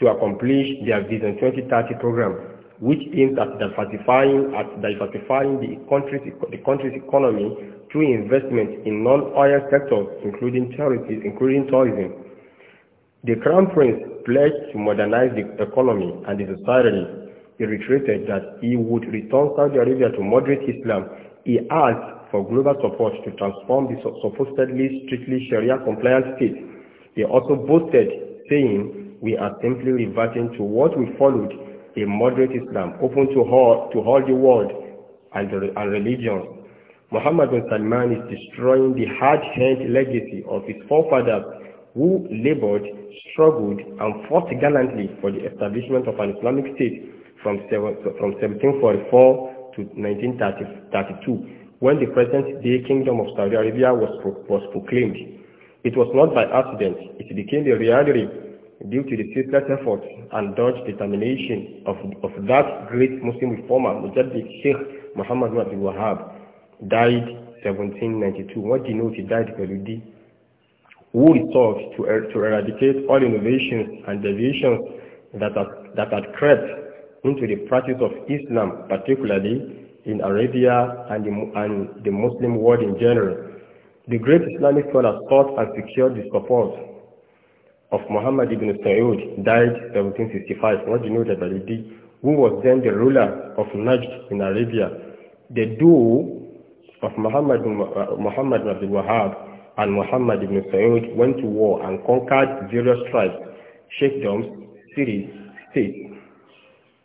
to accomplish their Vision 2030 program, which aims at diversifying, at diversifying the, country's, the country's economy through investment in non-oil sectors, including charities, including tourism. The Crown Prince pledged to modernize the economy and the society. He reiterated that he would return Saudi Arabia to moderate Islam. He asked for global support to transform the supposedly strictly Sharia compliant state. He also boasted, saying, we are simply reverting to what we followed, a moderate Islam open to all, to all the world and, and religions. Muhammad bin Salman is destroying the hard-earned legacy of his forefathers who labored, struggled, and fought gallantly for the establishment of an Islamic state from, from 1744 to 1932, when the present-day Kingdom of Saudi Arabia was, was proclaimed. It was not by accident. It became the reality due to the ceaseless effort and dogged determination of, of that great Muslim reformer, Mujaddid Sheikh Muhammad Ibn Abdul Wahab, died 1792. What denotes he died Peludi, who resolved to, er to eradicate all innovations and deviations that, are, that had crept into the practice of Islam, particularly in Arabia and the, and the Muslim world in general. The great Islamic scholars sought and secured the support of Muhammad ibn Sa'ud died 1765, not denoted that he did? who was then the ruler of Najd in Arabia. The duo of Muhammad, uh, Muhammad ibn Abdul Wahab and Muhammad ibn Sa'ud went to war and conquered various tribes, sheikdoms, cities, states,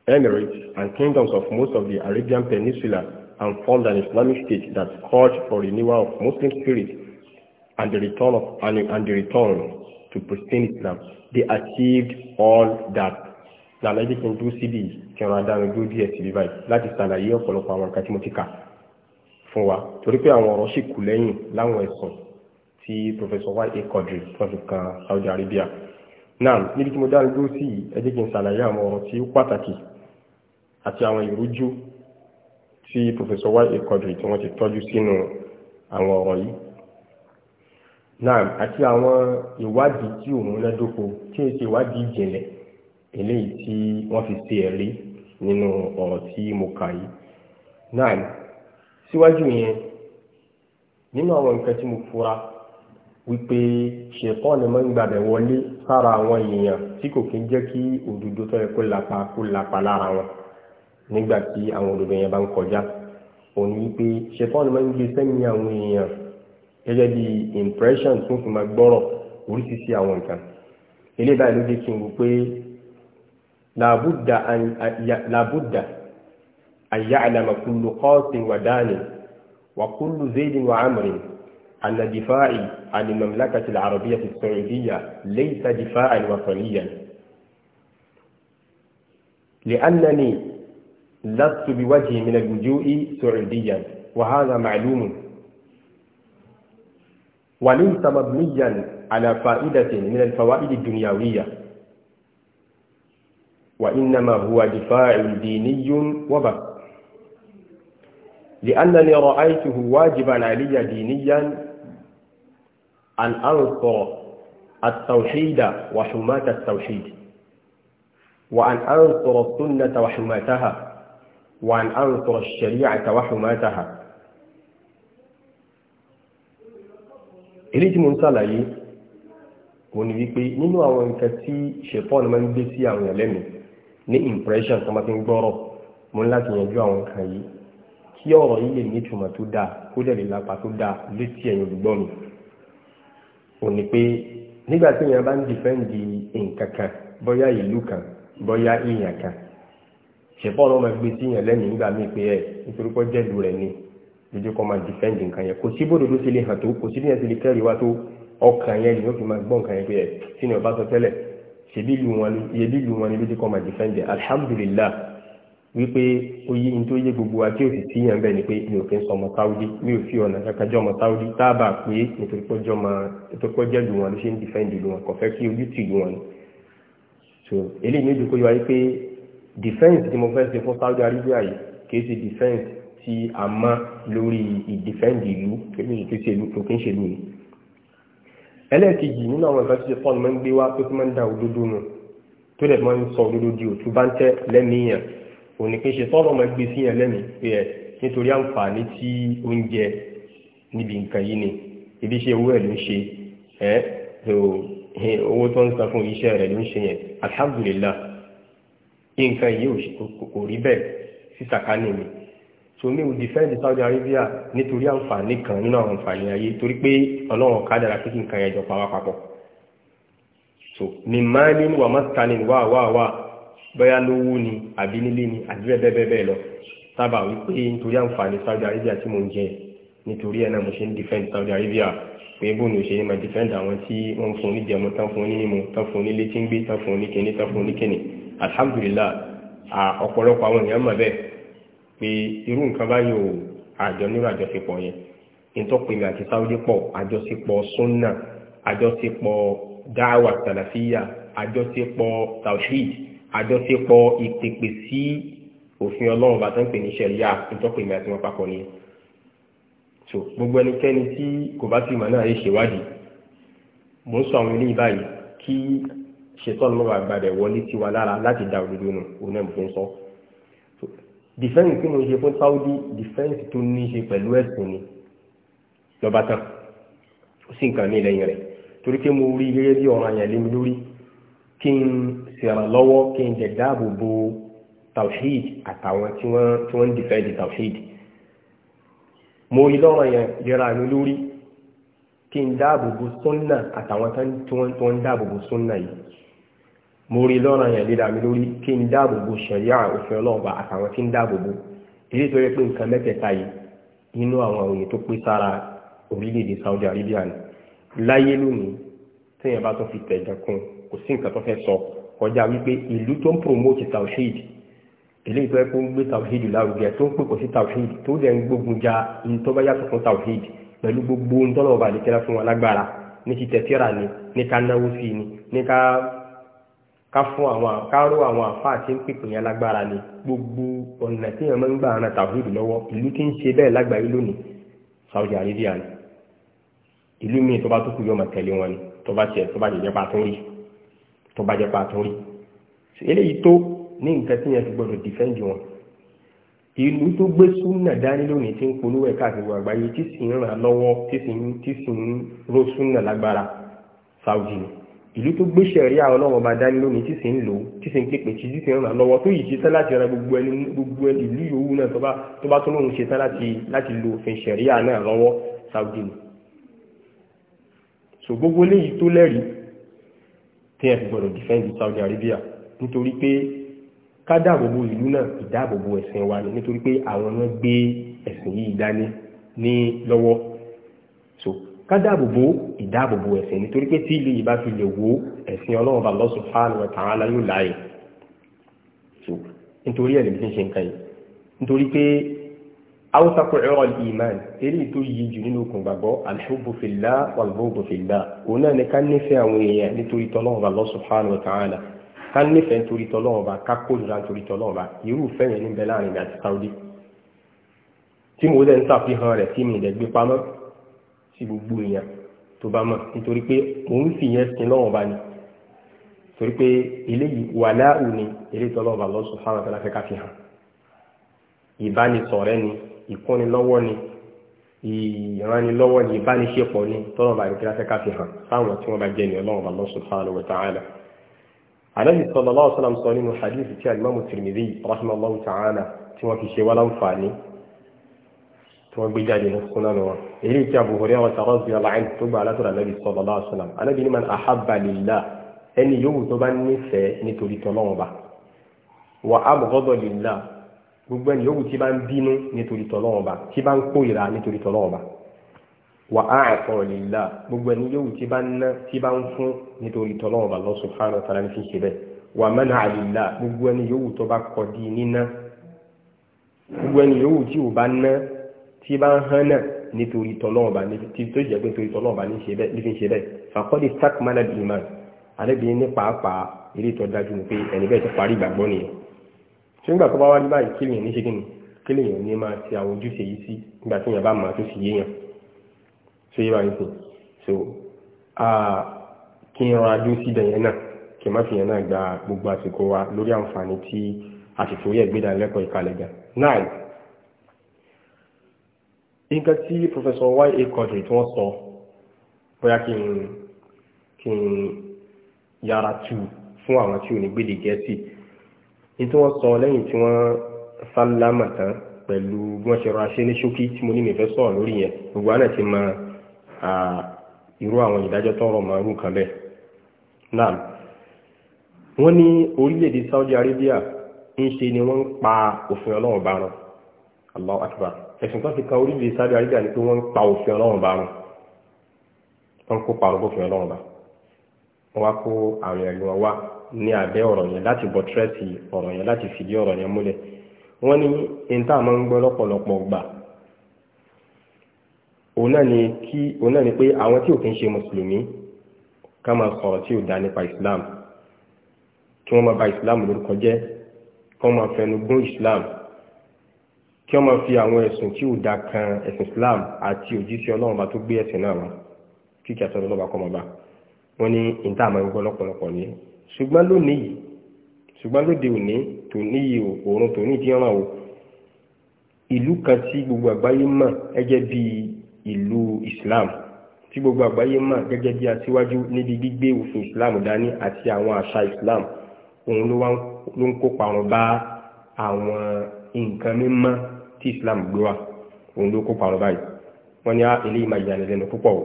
emirates, and kingdoms of most of the Arabian Peninsula and formed an Islamic state that called for renewal of Muslim spirit and the return of, and, and the return to pristine Islam, they achieved all that. Now alájẹ́ kí n dúró síbi kẹrin adárin dúró díẹ̀ síbi báyìí láti ṣàlàyé ọ̀pọ̀lọpọ̀ àwọn nǹkan tí mo ti kà fún wa. Torí pé àwọn ọ̀rọ̀ sì kù lẹ́yìn láwọn ẹ̀sùn tí Professor Y.A. Quadri tó kan Saudi Arabia. Náà níbi tí mo dárin dúró sí yìí, ẹ jẹ́ kí n ṣàlàyé àwọn ọ̀rọ̀ tí ó pàtàkì àti àwọn ìrújú tí Professor Y.A. Quadri tí wọ́n ti tọ́jú sínú àwọn ọ̀rọ̀ yìí naam àti àwọn ìwádìí tí ò múnádóko tí ó ṣe ìwádìí ìjìnlẹ̀ eléyìí tí wọ́n fi ṣe ẹ̀rí nínú ọ̀rọ̀ tí mo kà yìí naam síwájú yẹn nínú àwọn nǹkan tí mo fura wípé ṣètọ́ ni mo ń gbàbẹ̀ wọlé sára àwọn èèyàn tí kò kí ń jẹ́ kí òdodo tó yẹ kó lapa kó lapa lára wọn nígbà tí àwọn òdodo yẹn bá ń kọjá òun ni wípé ṣètọ́ ni mo ń gbé sẹ́yìn àwọn èèyàn gẹ́gẹ́ bí impression tó fi máa gbọ́rọ̀ oríṣiríṣi àwọn nǹkan eléyìí báyìí ló dé kí n wò pé làbúdà àyà àlàmà kúlù kọ́ọ̀sìn wà wà kúlù zaydin wà amrin أن دفاعي عن المملكة العربية السعودية ليس دفاعا وطنيا لأنني لست بوجهي من الوجوء سعوديا وهذا معلوم وليس مبنيا على فائدة من الفوائد الدنيوية وإنما هو دفاع ديني وبس لأنني رأيته واجبا علي دينيا أن أنصر التوحيد وحماة التوحيد وأن أنصر السنة وحماتها وأن أنصر الشريعة وحماتها èyí tí mo ń sàlàyé òun ni wípé nínú àwọn nǹkan tí ṣèpọ́ọ̀nù máa ń gbé sí àwọn ẹlẹ́mì ní impression tó máa fi ń gbọ́rọ̀ mo ń láti yanjú àwọn nǹkan yìí kí ọ̀rọ̀ yìí lè ní ìtumọ̀ tó dáa kó dẹ̀ lè lápá tó dáa létí ẹ̀yin olùgbọ́ mi òun ni pé nígbà tí èèyàn bá ń dìfẹ́ǹdì nǹkan kan bóyá ìlú kan bóyá èèyàn kan ṣèpọ́ọ̀nù máa gbé sí èèyàn lẹ́nu nígbà míì pé ẹ̀ nítorí pé jẹ́lu rẹ̀ ni lójú kọ́ máa dìfẹ́ǹdì nǹkan yẹn kò sí bódodo sí lè hàn tó kò sí bí yẹn ti lè kẹ́rì wá tó ọkàn yẹn yóò fi máa gbọ́ nǹkan yẹn pé ẹ̀ sínú ọba sọ tẹ́lẹ̀ ṣèbí lu wọn ni lójú kọ́ máa dìfẹ́ǹdì alhamdulillah wípé ó yí ní tó yé gbogbo wa tí ò sì sí yẹn bẹ́ẹ̀ ni pé mi ò fi ń sọ ọmọ sáúdí mi ò fi ọ̀nà kankan jọ ọmọ sáúdí táàbà pé nítorí pé jẹ́ lu wọn ló ṣe ń dìfẹ́ǹdì lu wọn kò so eléyìí ní ojú kó yọ defense tí mo fẹ́ ṣe fún Saudi defense tí a mọ́ lórí ìdìfẹ́ǹdì ìlú kí n ṣe lù ní. ẹlẹ́ẹ̀kejì nínú àwọn ìfẹ́ tí paul máa ń gbé wá tó ti máa ń da òdodo nù tó dẹ̀ máa ń sọ òdodo di òtún bá ń tẹ́ lẹ́mìíyàn òní tọ́lọ́ máa gbé sí yẹn lẹ́mìí pé ẹ nítorí àǹfààní tí oúnjẹ níbi nǹkan yìí ni ibi iṣẹ́ owó ẹ̀ ló ń ṣe ẹ́ owó tó ń san fún iṣẹ́ rẹ̀ ló ń ṣe yẹn alhamdulillah nǹkan yìí kò rí bẹ́ẹ̀ sísàkánì mi so mi ò defend Saudi Arabia nítorí àǹfààní kan nínú àwọn àǹfààní ayé torí pé ọlọ́run ká dára pé kí nǹkan ẹ̀jọ̀ pa wá papọ̀ so mi máa ní wà má scanning wá wá wá bóyá lówó ni àbí nílé ni àbí bẹ́ẹ̀ bẹ́ẹ̀ bẹ́ẹ̀ lọ sábà wípé nítorí àǹfààní Saudi Arabia tí mo ń jẹ nítorí ẹ̀ náà mo ṣe ń defend Saudi Arabia pé bó ni òṣèré máa defend àwọn tí wọ́n fún ní jẹmọ tán fún ní mímu tán fún ní létí ń gbé tán fún ní kíní tán fún ní kíní alhamdulillah ọ̀pọ̀lọpọ̀ àwọn èèyàn mọ̀ bẹ́ẹ̀ pé irú nǹkan báyìí ò àjọ nírú àjọṣepọ̀ yẹn ìtọ́pẹ̀mí àti sáwọ́dé pọ̀ àjọṣepọ̀ sunna àjọṣepọ̀ dáwà sàlàfíà àjọṣepọ̀ tawhid àjọṣepọ̀ ìpèpè sí òfin ọlọ́run bá tó ń pè ní ṣẹ̀ríà ìtọ́pẹ̀mí àti wọn papọ̀ nìyẹn so gbogbo ẹnikẹ́ni tí kò bá ti mọ̀ náà yé ṣèwádìí mò ń sọ àwọn eléyìí báyìí kí ṣetán lọ́wọ́ àgbàdẹ̀ wọlé tiwa lára láti dá òdodo nù òun náà mò ń sọ. So, dìfẹ́ǹsì tí mo ṣe fún Saudi dìfẹ́ǹsì tó ní í ṣe pẹ̀lú ẹ̀sìn ni lọ́ba tán ó sì ń kàn mí lẹ́yìn rẹ̀ torí pé mo rí gẹ́gẹ́ bí ọ̀ràn àyàn lé mi lórí kí n ṣèrànlọ́wọ́ kí n jẹ dáàbò bo tawhid àtàwọn tí wọ́n ń dìfẹ́ǹdì tawhid mo rí lọ́ràn àyàn lera mi lórí kí n dáàbò bo sunna àtàwọn tí wọ́n ń dáàbò bo sunna yìí mo rí lọ́nà yẹn lédà mi lórí kí n dáàbò bo ṣẹ̀ríà òfin ọlọ́ọ̀bà àtàwọn tí ń dáàbò bo èyí tó yẹ pé nǹkan mẹ́tẹ̀ẹ̀ta yìí nínú àwọn òye tó pé sára orílẹ̀-èdè Saudi Arabia ni láyé lónìí téèyàn bá tún fi tẹ̀gàn kún kò sí nǹkan tó fẹ́ sọ kọjá wípé ìlú tó ń promote tawhid eléyìí tó yẹ kó ń gbé tawhid lárugẹ tó ń pèpè sí tawhid tó dẹ̀ ń gbógun ja ní tó bá yàtọ̀ fún ni ní ká ni ní ká fún àwọn káró àwọn àfáà tí ń pèpè yẹn lágbára ni gbogbo ọ̀nà tí yẹn máa ń gbà ara tàwíìdì lọ́wọ́ ìlú tí ń ṣe bẹ́ẹ̀ lágbàáyé lónìí Saudi Arabia ni ìlú míì tó bá tó kù yóò máa tẹ̀lé wọn ni tó bá tiẹ̀ tó bá jẹjẹ pa tó ń rí tó bá jẹ pa tó ń rí eléyìí tó ní nǹkan tí yẹn fi gbọdọ̀ dìfẹ́ǹdì wọn ìlú tó gbé súnà dání lónìí tí ń polówó ẹ̀ káàkiri àgbáyé tí sì ń ràn lọ́wọ́ tí sì ń ró súnà lágbára Saudi ni ìlú tó gbé sẹ̀rí àwọn ọlọ́wọ́ bá dání lónìí tí sì ń lò tí sì ń képe tí sì ń ràn lọ́wọ́ tó yìí ṣetán láti ran gbogbo ẹni ìlú yòówù náà tó bá tó lóun ṣetán láti lo òfin sẹ̀rí náà lọ́wọ́ Saudi ni. so gbogbo léyìí tó lẹ́rìí tí ẹ fi gbọ́dọ̀ dìfẹ́ǹdì Saudi Arabia nítorí pé ká dáàbòbò ìlú náà ìdáàbòbò ẹ̀sìn wa ni nítorí pé àwọn náà gbé ẹ̀sìn yìí dání ní lọ́wọ́ kádàbòbò ìdáàbòbò ẹ̀sìn nítorí pé tí ilé yìí bá fi lè wo ẹ̀sìn ọlọ́run bá Allah subhanahu wa ta'ala yóò láàyè so nítorí ẹ̀ lèmi ti ń ṣe nǹkan yìí nítorí pé awusakun ẹ̀rọ ìmán eléyìí tó yí jù nínú okùn gbàgbọ́ alḥubu fillah walbubu fillah òun náà ni ká nífẹ̀ẹ́ àwọn èèyàn nítorí tọ́lọ́run bá Allah subhanahu wa ta'ala ká nífẹ̀ẹ́ nítorí tọ́lọ́run bá ká kórìíra nítorí tọ́lọ́run bá irúfẹ́ sí gbogbo èèyàn tó bá mọ̀ nítorí pé mò ń fi yẹn sin lọ́wọ́ bá ní torí pé eléyìí wà láàrú ni eléyìí tó lọ́wọ́ bá lọ́ sùn fáwọn tẹ́lá fẹ́ ká fi hàn ìbánisọ̀rẹ́ ni ìkúnnilọ́wọ́ ni ìrànilọ́wọ́ ni ìbánisẹ́pọ̀ ni tọ́lọ́wọ́ bá ní tẹ́lá ká fi hàn fáwọn tí wọ́n bá jẹ́ ni ọlọ́wọ́ bá lọ́ fáwọn tẹ́lá النبي صلى الله عليه وسلم صلى الله عليه وسلم حديث الإمام الترمذي رحمه الله تعالى تما في شوالا وفاني tí wọ́n gbé jáde ní sunan wọn èyí tí Abu Hurairah ọ̀tà rọ́ọ̀sì aláìn tó gba alátọ̀rọ̀ anábì sallallahu alaihi wasallam anábì ní man ahabba lillah ẹni yòówù tó bá nífẹ̀ẹ́ nítorí tọ́lọ́wọ́n bá wa abghada lillah gbogbo ẹni yòówù tí bá ń bínú nítorí tọ́lọ́wọ́n bá tí bá ń kórìíra nítorí tọ́lọ́wọ́n bá wa a'ta lillah gbogbo ẹni yòówù tí bá ná tí bá ń fún nítorí tọ́lọ́wọ́n bá Allah subhanahu wa ní fi ṣe bẹ́ẹ̀ wa mana'a lillah gbogbo ẹni yòówù tó bá kọ̀ di níná gbogbo ẹni yòówù tí ò bá ná tí bá ń hàn náà nítorí tọ́lọ́ọ̀bá tí tó jẹ́ pé nítorí tọ́lọ́ọ̀bá ní fi ń ṣe bẹ́ẹ̀ fàkọ́dé stark manad iman alẹ́bìnrin ní pàápàá eré tó dájú ni pé ẹni bẹ́ẹ̀ ti parí ìgbàgbọ́ nìyẹn tí nígbà tó bá wá ní báyìí kí lèyàn ní ṣe kíni kí lèyàn ní máa ṣe àwọn ojúṣe yìí sí nígbà tí èèyàn bá máa tó sì yéèyàn tó yé báyìí sìn so kí n ra adó síbẹ̀ yẹn náà kí n má fi yẹn náà gba gbogbo àsìkò wa lórí àǹfààní tí àsìkò yẹ gbé dánilẹ́kọ̀ọ́ ìkàlẹ̀ gan náà nǹkan tí professor Y.A. Quadri tí wọ́n sọ bóyá kí n kí n yára tu fún àwọn tí ò ní gbèdè gẹ̀ẹ́sì ní tí wọ́n sọ lẹ́yìn tí wọ́n sálámà tán pẹ̀lú bí wọ́n ṣe rọra ṣe ní ṣókí tí mo ní nìfẹ́ sọ̀rọ̀ lórí yẹn gbogbo àná ti mọ irú àwọn ìdájọ́ tọrọ mọ irú kan bẹ́ẹ̀ náà wọ́n ní orílẹ̀-èdè Saudi Arabia ń ṣe ni wọ́n ń pa òfin ọlọ́run bá rán Allahu Akbar ẹ̀sùn tó ti kan orílẹ̀ Saudi Arabia ni pé wọ́n ń pa òfin ọlọ́run bá wọn wọ́n kó parọ́ bófin ọlọ́run bá wọ́n wá kó àwọn ẹ̀rí wọn wá ní abẹ́ ọ̀rọ̀ yẹn láti bọ́ tírẹ́sì ọ̀rọ̀ yẹn láti fìdí ọ̀rọ̀ yẹn múlẹ̀ wọ́n ní níta máa ń gbọ́ lọ́pọ̀lọpọ̀ gbà òun náà ni kí òun náà ni pé àwọn tí ò kí ń ṣe mùsùlùmí ká máa sọ̀rọ̀ tí ò dá nípa Islam kí wọ́n máa bà Islam lórúkọ jẹ́ kí wọ́n máa fẹnu gún Islam kí wọ́n máa fi àwọn ẹ̀sùn tí ò da kan Islam àti òjíṣẹ́ Ọlọ́run bá tó gbé ẹ̀sìn náà wá kí kí àtọ́jú ọlọ́ba kọ́ mọ́ bá wọ́n ní ìta àmọ́ gbọ́ lọ́pọ̀lọpọ̀ ní ṣùgbọ́n lónìí yìí ṣùgbọ́n lóde òní tòní yìí òórùn tòní ìdíran o ìlú kan tí gbogbo àgbáyé mọ̀ gẹ́gẹ́ bí ìlú Islam tí gbogbo àgbáyé mọ̀ gẹ́gẹ́ bí aṣíwájú níbi gbígbé òfin Islam dání àti àwọn àṣà Islam òun ló ń kópa wọn bá àwọn nǹkan mímọ́ tí islam gbé wa òun ló kópa lọ báyìí wọ́n ni á ah, eléyìí máa yànlẹ́nu púpọ̀ o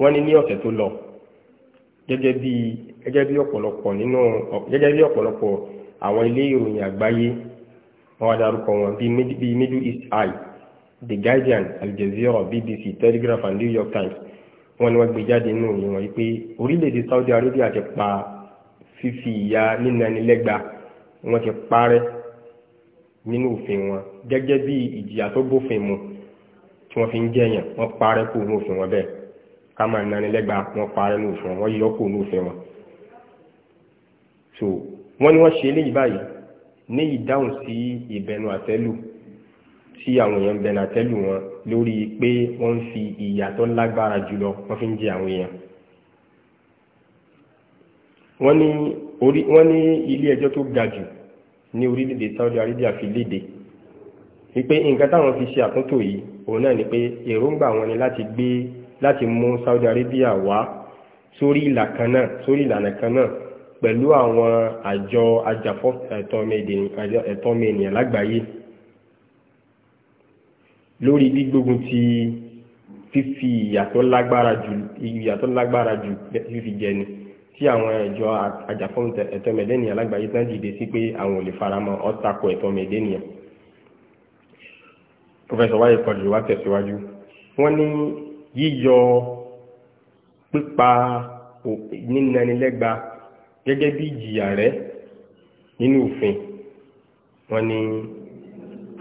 wọ́n ní ní ọ̀sẹ̀ tó lọ gẹ́gẹ́ bí gẹ́gẹ́ bí ọ̀pọ̀lọpọ̀ nínú àwọn ilé ìròyìn àgbáyé wọ́n wá dárúkọ wọn bíi middle east eye the guardian al jazeera bbc telegraph and new york times wọ́n ní wọ́n gbé jáde nínú ìròyìn wọn wípé orílẹ̀-èdè saudi arabia ti pa fífi ìyà nínú ẹni lẹ́gbàá wọ́n ti parẹ́ nínú òfin wọn gẹ́gẹ́ bí ìjìyà tó bófin mu tí wọ́n fi ń jẹyàn wọ́n parẹ́ kù nínú òfin wọn bẹ́ẹ̀ ká máa nani lẹ́gbàá wọ́n parẹ́ nínú òfin wọn wọ́n yọ kù nínú òfin wọn. so wọ́n ní wọ́n ṣe eléyìí báyìí ní ìdáhùn sí ìbẹnu àtẹ́lù tí àwọn èèyàn ń bẹnu àtẹ́lù wọn lórí pé wọ́n ń fi ìyà tó lágbára jùlọ wọ́n fi ń jẹ àwọn èèyàn. wọ́n ní orí wọ́n ní ilé ẹjọ́ tó ga jù ní orílẹ̀-èdè Saudi Arabia fi léde wípé nǹkan táwọn fi ṣe àtúntò yìí òun náà ni pé èròǹgbà wọn ni láti gbé láti mú Saudi Arabia wá sórí ìlà kan náà sórí ìlànà kan náà pẹ̀lú àwọn àjọ ajàfọ́ ẹ̀tọ́ ọmọ ènìyàn lágbàáyé lórí gbígbógun ti fífi ìyà lágbára jù fífi jẹni tí àwọn ẹ̀jọ́ ajàfún ẹ̀tọ́mẹ̀dẹ́nìyà lágbàáyé tán dìde sí pé àwọn ò lè faramọ́ ọ́tàkọ̀ professor wáyé kọjú wá tẹ̀síwájú wọ́n ní yíyọ pípa nínanilẹ́gba gẹ́gẹ́ bí ìjìyà rẹ̀ nínú òfin wọ́n ní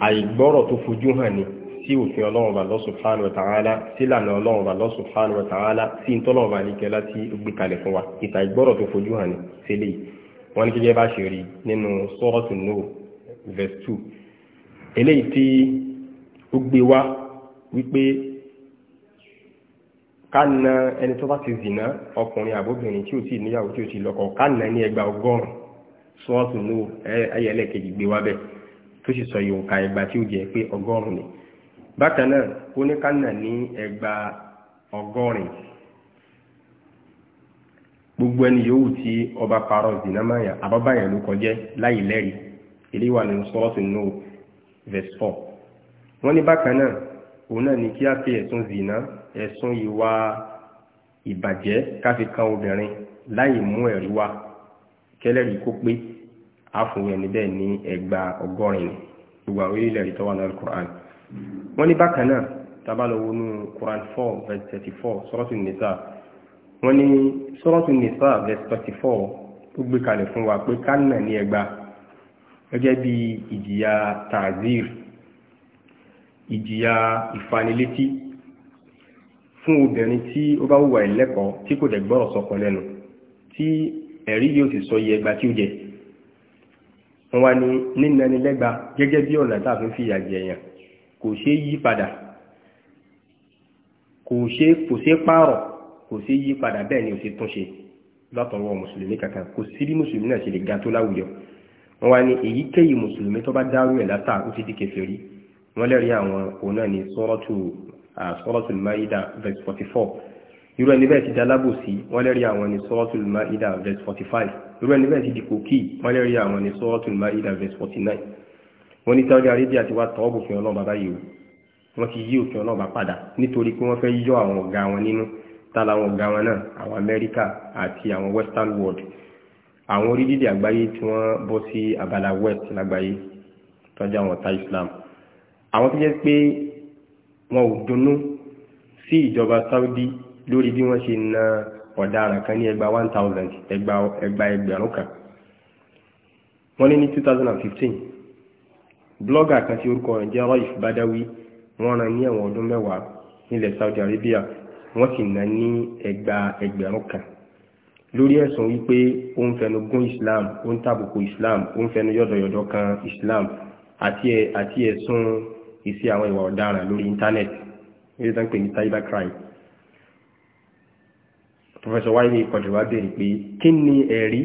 àìgbọ́rọ̀ tó fojú hàn ni sí òfin ọlọ́run Allah subhanahu wa ta'ala sí ìlànà ọlọ́run Allah subhanahu wa ta'ala sí ìtọ́lọ́run àníkẹ́lá tí ó gbé kalẹ̀ fún wa ìta ìgbọ́rọ̀ tó fojú hàn ní sílé wọn ní kíkẹ́ bá ṣe rí nínú Suratu Nur verse two eléyìí tí ó gbé wá wípé ká na ẹni tó bá ti zìnà ọkùnrin àbóbìnrin tí ò tí níyàwó tí ò tí lọ́kọ ká na ní ẹgbàá ọgọ́rùn Suratu Nur ayẹlẹ́kejì gbé wá bẹ́ẹ̀ tó sì sọ ìwòkà ẹgbàá tí ó jẹ́ pé ọgọ́rùn ni bákan náà kó ní kánà ní ẹgba ọgọ́rin gbogbo ẹni yòówù tí ọba parọ́ ìdìnnà máa yà àbábá yẹn ló kọjẹ láì lẹ́rìí eléyìí wà nínú nù verse four wọ́n ní bákan náà òun náà ni kí á fi ẹ̀sùn zìnnà ẹ̀sùn ìwà ìbàjẹ́ káfi kan obìnrin láì mú ẹ̀rí wá kẹlẹ́rìí kó pé àfòwẹ̀ níbẹ̀ ní ẹgbàá ọgọ́rin gbogbo àwọn orílẹ̀-èdè tó wà ní alukur'an wọ́n ní bákan náà tábàlọ́ wọnú Quran 4 verse 34 four sọ́rọ́tù nìsa wọ́n ní sọ́rọ́tù nìsa verse 34 four ó gbé kalẹ̀ fún wa pé kánà ní ẹgba gẹ́gẹ́ bí ìjìyà tazir ìjìyà ìfanilétí fún obìnrin tí ó bá wùwà ìlẹ́kọ̀ọ́ tí kò dẹ̀ gbọ́rọ̀ sọkọ lẹ́nu tí ẹ̀rí yóò sì sọ iye ẹgba tí ó jẹ wọ́n wá ní nínanilẹ́gba gẹ́gẹ́ bí ọ̀nà tá a fi ń fìyà jẹ kò ṣe yí padà kò ṣe kò ṣe pààrọ̀ kò ṣe yí padà bẹ́ẹ̀ ni ò ṣe túnṣe látọwọ́ mùsùlùmí kankan kò sí bí mùsùlùmí náà ṣe lè ga tó láwùjọ wọn wá ní èyíkéyìí mùsùlùmí tó bá dárú ẹ̀ látà ó ti di kèfèrí wọn lẹ́rìí àwọn òun náà ní sọ́rọ́tù sọ́rọ́tù maida verse forty four irú ẹni bẹ́ẹ̀ ti di alábòsí wọ́n lẹ́rí àwọn ní sọ́ọ́tù Maida verse 45 irú ẹni bẹ́ẹ̀ ti di kòkí wọ́n lẹ́rí àwọn ní sọ́ọ́tù Maida verse 49 wọ́n ní Saudi Arabia ti wá tọ́wọ́ òfin ọlọ́run bàbá yìí o wọ́n ti yí òfin ọlọ́run bá padà nítorí pé wọ́n fẹ́ yọ àwọn ọ̀gá wọn nínú tala àwọn ọ̀gá wọn náà àwọn Amẹ́ríkà àti àwọn Western world àwọn orílẹ̀-èdè àgbáyé tí wọ́n bọ́ sí abala west lágbàáyé tọ́jú àwọn ọ̀tá Islam àwọn tó jẹ́ pé wọn ò dunnú sí ìjọba Saudi lórí bí wọ́n ṣe na ọ̀daràn kan ní ẹgbàá one thousand ẹgbàá ẹgbẹ̀rún kan wọ́n ní ní two thousand and fifteen blọ́gà kan tí orúkọ rẹ̀ jẹ́ Raif Badawi wọ́n rán ní ẹ̀wọ̀n ọdún mẹ́wàá nílẹ̀ Saudi Arabia wọ́n sì ná ní ẹgba ẹgbẹ̀rún kan lórí ẹ̀sùn wípé ó ń fẹnu gún Islam ó ń tàbùkù Islam ó ń fẹnu yọ̀dọ̀yọ̀dọ̀ kan Islam àti ẹ̀sùn ìsí àwọn ìwà ọ̀daràn lórí internet, ní ìtàn pè ní cyber crime Professor Wiley kọ̀dùwá béèrè pé kí ni ẹ̀rí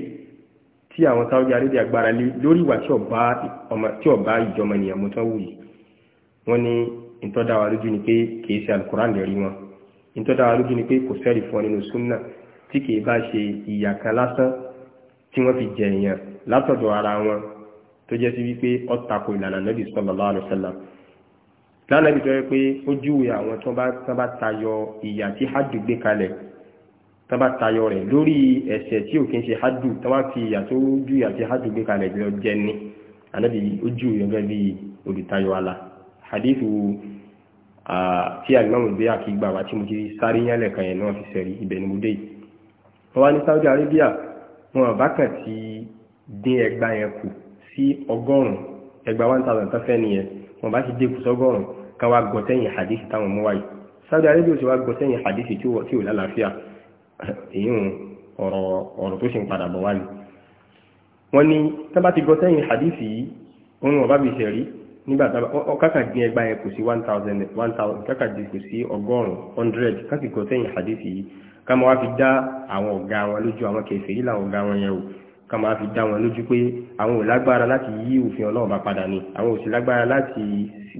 tí àwọn Saudi Arabia gbára lé lórí ìwà tí ọba ìjọmọ ènìyàn mú tán wù yìí wọ́n ní ìtọ́dáwà lójú ni pé kìí ṣe alukoran lè rí wọn ìtọ́dáwà lójú ni pé kò sẹ́rì fún ọ nínú súnà tí kìí bá ṣe ìyà kan lásán tí wọ́n fi jẹ èèyàn látọ̀dọ̀ ara wọn tó jẹ́ sí wípé ó tako ìlànà nàbì sallallahu alaihi wasallam lánàbì tó yẹ pé ó júwe àwọn tó bá tayọ ìyà tí hajj gbé kalẹ̀ tán bá tayọ rẹ̀ lórí ẹ̀ṣẹ̀ tí òkè ń ṣe hádù tán bá fi ìyà tó ju ìyà tí hádù gbé kalẹ̀ jọ jẹ ní anábì ojú gẹ́gẹ́ bí olùtayọ ala hadithu tí alimami bẹ́ẹ̀ kì í gbà wá tí mo ti sáré yánlẹ̀ kan yẹn náà fi sẹ̀rí ibẹ̀ ni mo dé yìí wọ́n wá ní Saudi Arabia wọn bá kàn ti dín ẹgbàá yẹn kù sí ọgọ́rùn-ún ẹgbàá one thousand tán fẹ́ nìyẹn wọn bá ti dín kù sọ́gọ́rùn-ún kan wá hadith táwọn mú wáyé Saudi Arabia ti wá gọ̀tẹ́yìn hadith tí ò lálàáfíà ìyún ọ̀rọ̀ ọ̀rọ̀ tó ṣe ń padà bọ̀ wá ni wọ́n ní tábà ti gọ sẹ́yìn hadith yìí wọ́n ní ọba bíi ṣẹ̀rí nígbà tábà ọkàkà dín ẹgbàá yẹn kò sí one thousand one thousand kàkà dín kò sí ọgọ́rùn-ún hundred káàkì gọ sẹ́yìn hadith yìí ká máa fi dá àwọn ọ̀gá wọn lójú àwọn kẹfẹ́ yìí làwọn ọ̀gá wọn o ká máa fi dá wọn lójú pé àwọn ò lágbára láti yí òfin ọlọ́run bá padà ni àwọn ò sì lágbára láti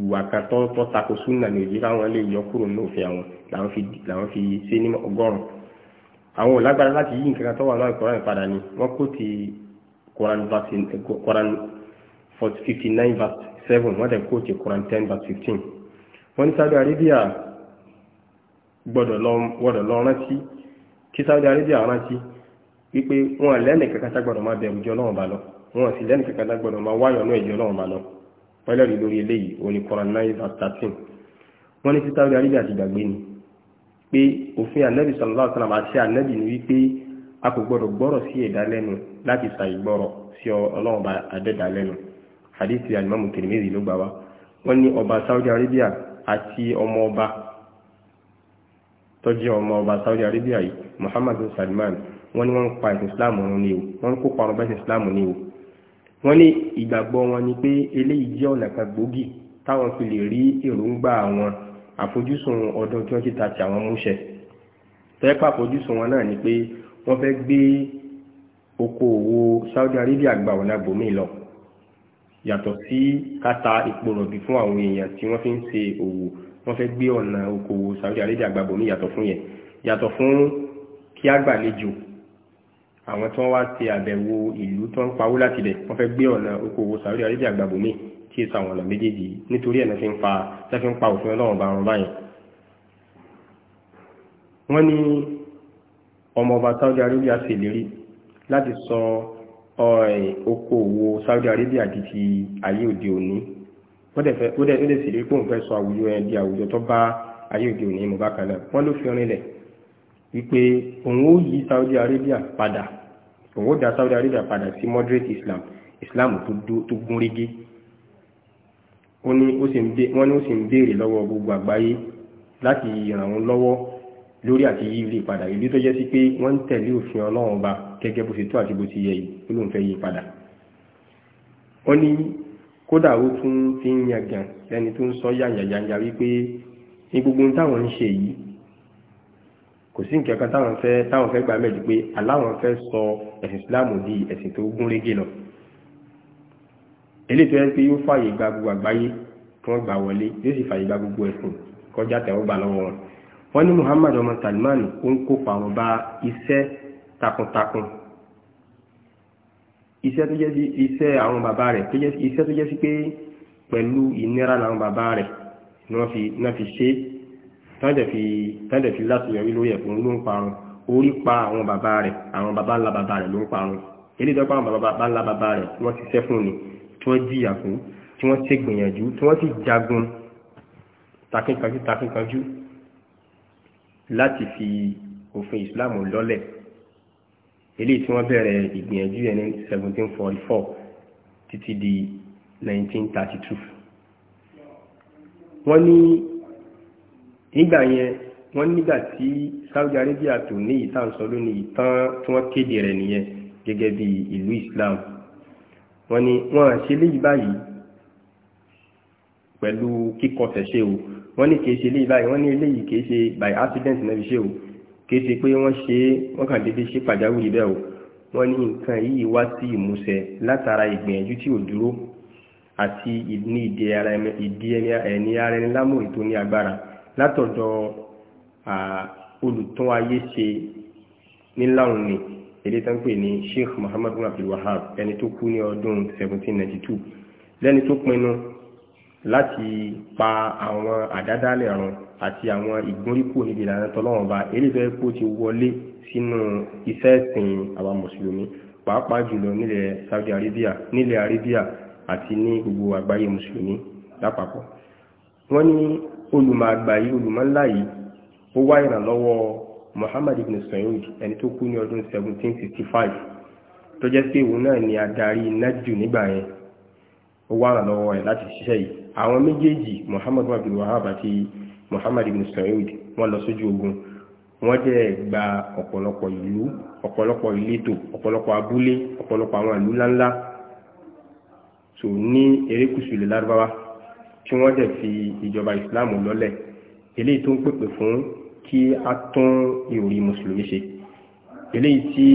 ìwà kan tọ́ tako súnà ní òjì káwọn lè yọ kúrò ní àwọn làwọn fi ṣe ní ọgọ́rùn-ún àwọn ò lágbára láti yí nǹkan tó wà náà Quran padà ni wọ́n kó ti Quran verse Quran fifty nine verse seven wọ́n dẹ̀ kó ti Quran ten verse fifteen wọ́n ní Saudi Arabia gbọ́dọ̀ lọ rántí kí Saudi Arabia rántí wípé wọn lẹ́nì kankan tá gbọ́dọ̀ máa bẹ̀rù jọ náà bá lọ wọn sì lẹ́nì kankan tá gbọ́dọ̀ máa wáyọ̀ náà ìjọ náà bá lọ pẹ́lẹ́rì lórí eléyìí òní Quran nine verse thirteen wọ́n ní sí Saudi Arabia ti gbàgbé ni pé òfin ànábì sallallahu alaihi wasallam àti ni wípé a kò gbọdọ̀ gbọ́rọ̀ sí ẹ̀dá lẹ́nu láti ṣàì gbọ́rọ̀ sí hadithi alimamu Tirmidhi ló gbà wá wọ́n ọba Saudi Arabia àti ọmọ ọba tó ọmọ ọba Saudi Arabia yìí muhammadu Salman wọ́n ní Islam ọ̀run ni o wọ́n ń Islam ni o wọ́n ní ìgbàgbọ́ wọn ni pé eléyìí jẹ́ ọ̀nà kan gbòógì táwọn fi lè rí àfojúsùn ọdún twenty thirty àwọn múṣẹ tẹ́pà àfojúsùn wọn náà ni pé wọ́n fẹ́ gbé okoòwò Saudi Arabia gba ọ̀nà bòmí lọ yàtọ̀ sí káta epo rọ̀bì fún àwọn èèyàn tí wọ́n fi ń ṣe òwò wọ́n fẹ́ gbé ọ̀nà okoòwò Saudi Arabia gba bòmí yàtọ̀ fún yẹn yàtọ̀ fún kí á gbàlejò àwọn tí wọ́n wá ṣe àbẹ̀wò ìlú tó ń pawó láti bẹ̀ wọ́n fẹ́ gbé ọ̀nà okoòwò Saudi Arabia gba bòmí kí èso àwọn ọ̀nà méjèèjì nítorí ẹ̀nà fi ń pa tẹ́fí ń pa òfin ọlọ́run bá wọn báyìí wọ́n ní ọmọọba Saudi Arabia sì lérí láti sọ okòòwò Saudi Arabia di ti ayé òde òní ó dẹ̀ sì lérí pé òun fẹ́ sọ àwùjọ ẹ̀ di àwùjọ tó bá ayé òde òní mú bákan náà wọ́n ló fi rinlẹ̀ wípé òun ó yí Saudi Arabia padà òun ó dá Saudi Arabia padà sí moderate Islam Islam tó gún wọ́n ní ó sì ń béèrè lọ́wọ́ gbogbo àgbáyé láti ràn wọ́n lọ́wọ́ lórí àti yíri padà ìlú tó jẹ́ sí pé wọ́n ń tẹ̀lé òfin ọlọ́run ọba gẹ́gẹ́ bó ṣe tó àti bó ti yẹ yìí ó ló ń fẹ́ yí padà ó ní kódà ó tún fi ń yangàn lẹ́ni tó ń sọ yàyàyàyà wípé ní gbogbo táwọn ń ṣe yìí kò sí nǹkan táwọn fẹ́ gbà mẹ́jọ pé aláwọn fẹ́ sọ ẹ̀sìn Islam di ẹ̀sìn tó gúnrégé lọ eléyìí tó yẹ pé yóò fààyè gba gbogbo àgbáyé kí wọ́n gbà wọlé yóò sì fààyè gba gbogbo ẹ̀sùn kọjá tẹ̀wọ́gbà lọ́wọ́ wọn. wọ́n ní Muhammad ọmọ Salman ó ń kópa wọn bá iṣẹ́ takuntakun iṣẹ́ tó jẹ́ sí iṣẹ́ àwọn bàbá rẹ̀ iṣẹ́ tó jẹ́ sí pé pẹ̀lú ìnira làwọn bàbá rẹ̀ ni wọ́n fi ṣe tọ́jẹ̀ fi láti yọrí lórí ẹ̀kún ló ń parun orí pa àwọn bàbá rẹ̀ àwọn bàbá ńlá bàbá rẹ̀ ló ń parun eléyìí tó pa àwọn bàbá ńlá bàbá rẹ̀ wọ́n ti ṣẹ́ fún ni tí wọ́n jìyà fún tí wọ́n ṣe gbìyànjú tí wọ́n sì jagun takínkanjú takínkanjú láti fi òfin Islam lọ́lẹ̀ eléyìí tí wọ́n bẹ̀rẹ̀ ìgbìyànjú yẹn ní seventeen forty four títí di nineteen thirty two wọ́n ní nígbà yẹn wọ́n nígbà tí Saudi Arabia tó ní ìtàn sọ lónìí ìtàn tí wọ́n kéde rẹ̀ nìyẹn gẹ́gẹ́ bí ìlú Islam wọ́n ní wọ́n ṣe léyìí báyìí pẹ̀lú kíkọ tẹ̀ṣe o wọ́n ní kìí ṣe léyìí báyìí wọ́n ní eléyìí kìí ṣe by accident náà fi ṣe o kìí ṣe pé wọ́n ṣe wọ́n kàn déédéé ṣe pàjáwìrì bẹ́ẹ̀ o wọ́n ní nǹkan yìí wá sí ìmúṣẹ látara ìgbìyànjú tí ò dúró àti ní ìdí ẹni ara ẹni lámò ètò ní agbára látọ̀dọ̀ olùtún ayé ṣe níláhùn ni ilé tán pè ní sheikh muhammad bin abdul wahab ẹni tó kú ní ọdún 1792 lẹ́ni tó pinnu láti pa àwọn àdádálẹ̀ ọ̀run àti àwọn ìgbóríkò níbi ìlànà tọ́lọ́wọ́n ba eré tó yẹ kó ti wọlé sínú iṣẹ́ ẹ̀sìn àwa mùsùlùmí pàápàá jùlọ nílẹ̀ saudi arabia nílẹ̀ arabia àti ní gbogbo àgbáyé mùsùlùmí lápapọ̀ wọ́n ní olùmọ̀ àgbà yìí olùmọ̀ ńlá yìí ó wá ìrànlọ́wọ́ muhammad ibn sayyid ẹni tó kú ní ọdún 1765 tó jẹ́ pé òun náà ni adarí nájù nígbà yẹn ó wà lọ́wọ́ ẹ̀ láti ṣiṣẹ́ yìí àwọn méjèèjì muhammad ibn wahab àti muhammad ibn sayyid wọ́n lọ sójú ogun wọ́n jẹ́ gba ọ̀pọ̀lọpọ̀ ìlú ọ̀pọ̀lọpọ̀ ìletò ọ̀pọ̀lọpọ̀ abúlé ọ̀pọ̀lọpọ̀ àwọn ìlú ńláńlá tó ní erékùsù ilẹ̀ lárúbáwá tí wọ́n jẹ́ fi ìjọba ìsìláàmù lọ́lẹ̀ eléyìí tó ń pèpè fún kí a tún ìròrí mùsùlùmí ṣe eléyìí tí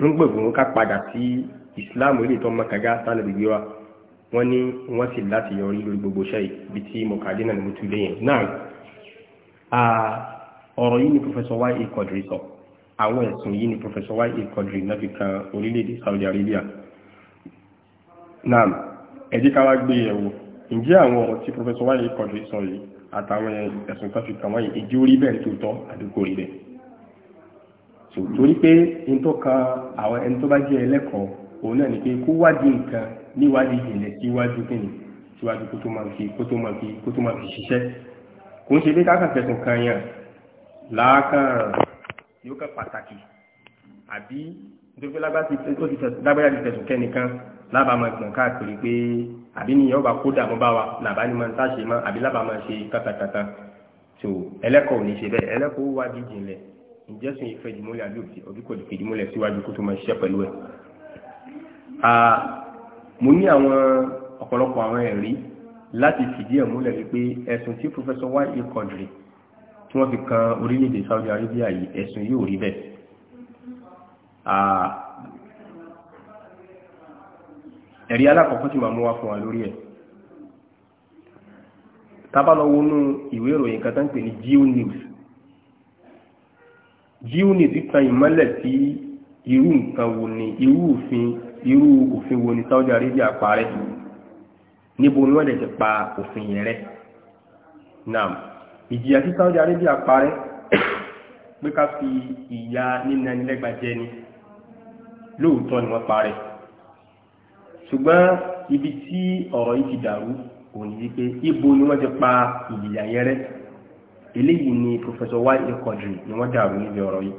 ń gbègbè ká padà sí ìsìláàmù eléyìí tó mọ́kàgá sálẹ̀ gbígbé wa wọ́n ní wọ́n sì láti yọrí lórí gbogbo iṣẹ́ yìí bí tí mọ̀kàdé náà ni mo tún lé ọ̀rọ̀ yìí ni Professor Y.A. Quadri sọ àwọn ẹ̀sùn yìí ni Professor Y.A. Quadri náà fi kan orílẹ̀-èdè Saudi Arabia náà ẹ̀jẹ̀ ká wá gbé yẹ̀wò ǹjẹ́ àwọn ọ̀rọ̀ tí Professor Y.A. Quadri sọ yìí àtàwọn ẹ̀sùn kan fi kàn wọ́n yìí ìjó rí bẹ́ẹ̀ tó tọ́ àdúgbò rí bẹ́ẹ̀ so torí pé n tó kan àwọn ẹni tó bá jẹ́ ẹlẹ́kọ̀ọ́ òun náà ni pé kó wádìí nǹkan níwádìí ìjìnlẹ̀ síwájú kí ni síwájú kó tó máa fi kó tó máa fi kó tó máa fi ṣiṣẹ́ kò ń ṣe pé káàkà fẹ̀sùn kan yàn láàkàn yóò kàn pàtàkì àbí nítorí pé lágbára ti fẹ̀sùn kẹ́nìkan lábàámọ̀ ìpọ̀n káàkiri pé àbí ni ọba kó dààmú bá wa làbá ni máa ń táṣe mọ́ àbí lábàámọ̀ ṣe kátàkátà tó ẹlẹ́kọ̀ọ́ ò ní ṣe bẹ́ẹ̀ ẹlẹ́kọ̀ọ́ wá di jìnlẹ̀ ǹjẹ́ sùn ìfẹ̀dìmúlẹ̀ àbí òbí kò lè fẹ̀dìmúlẹ̀ síwájú kó tó máa ṣiṣẹ́ pẹ̀lú ẹ̀. mo ní àwọn ọ̀pọ̀lọpọ̀ àwọn ẹ̀rí láti fìdí ẹ̀ múlẹ̀ wípé ẹ̀sùn tí Professor Y.A. Quadri tí wọ́n fi kan orílẹ̀-èdè Saudi Arabia yìí ẹ̀sùn yóò rí bẹ́ẹ̀ ẹ̀rí alákọ̀ọ́kọ́ tí màá mú wá fún wa lórí ẹ̀ tábàlọ́wọ́ nú ìwé ìròyìn kan tó ń pè ní geo news geo news tan ìmọ́lẹ̀ sí irú nǹkan wo ni irú òfin irú òfin wo ni Saudi Arabia parẹ́ níbo ni wọ́n lè ti pa òfin yẹn rẹ́ nam ìjìyà tí Saudi Arabia parẹ́ pé ká fi ìyà nínú ẹnilẹ́gbàjẹ́ ni lóòótọ́ ni wọ́n parẹ́ ṣùgbọ́n ibi tí ọ̀rọ̀ yìí ti dàrú òun yìí pé ibo ni wọ́n ti pa ìyìyà yẹn eléyìí ni professor y ekọdri ni wọ́n dàrú níbi ọ̀rọ̀ yìí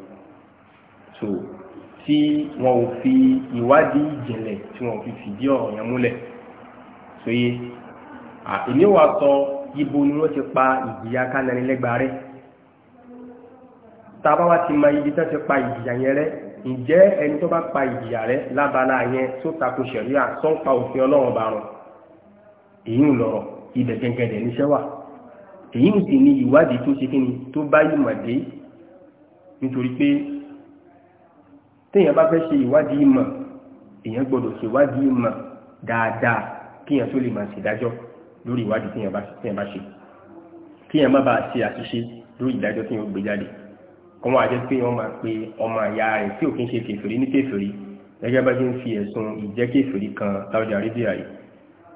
so tí wọn ò fi ìwádìí ìjìnlẹ̀ tí wọn ò fi fìdí ọ̀rọ̀ yẹn múlẹ̀ sóye èmi wà sọ ibo ni wọ́n ti pa ìjìyà kánanilẹ́gbàá rẹ́ tá a bá wá ti mọ ibi tí wọ́n ti pa ìjìyà yẹn rẹ́ ǹjẹ́ ẹni tó bá pa ìjìyà rẹ lábala yẹn tó tako sẹ̀ríà tó ń pa òfin ọlọ́run bá rùn èyí ń lọ̀rọ̀ ibẹ̀ gẹ́gẹ́dẹ̀ níṣẹ́ wà èyí ń sì ní ìwádìí tó ṣe kí ni tó bá ìmọ̀ dé nítorí pé téèyàn bá fẹ́ ṣe ìwádìí ìmọ̀ èyàn gbọ́dọ̀ ṣe ìwádìí ìmọ̀ dáadáa kíyàn tó lè máa ṣèdájọ́ lórí ìwádìí téèyàn bá ṣe kíyàn má bàa ṣe àṣìṣe lórí ìdájọ́ téèyàn gbé jáde wọ́n máa jẹ́ pé wọ́n máa pe ọmọ àyà rẹ̀ tí òfin ṣe kèfèrí ní kèfèrí gẹ́gẹ́ bá ṣe ń fi ẹ̀sùn ìjẹ́ kèfèrí kan Saudi Arabia yìí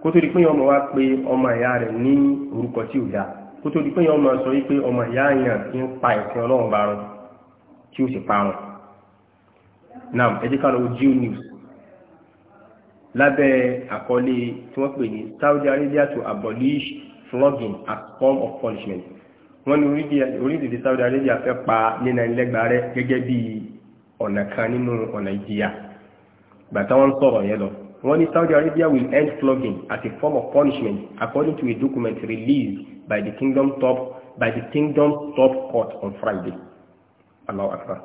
kó tó di pé ọmọ wa pe ọmọ àyà rẹ̀ ní orúkọ tí ò dáa kó tó di pé ọmọ sọ wípé ọmọ àyà yàn ń pa ìfún ọlọ́run bá rọ tí ó sì parun nam ẹ jẹ́ ká lọ wo geo news lábẹ́ àkọlé tí wọ́n pè ní Saudi Arabia to abolish flogging as form of punishment wọ́n ní orílẹ̀-èdè Saudi Arabia fẹ́ pa nínà ilẹ́gbàá rẹ̀ gẹ́gẹ́ bí ọ̀nà kan nínú ọ̀nà ìjìyà gbàtà wọn sọ̀rọ̀ yẹn lọ wọ́n ní Saudi Arabia will end flogging as a form of punishment according to a document released by the kingdom top by the kingdom top court on Friday Allahu Akbar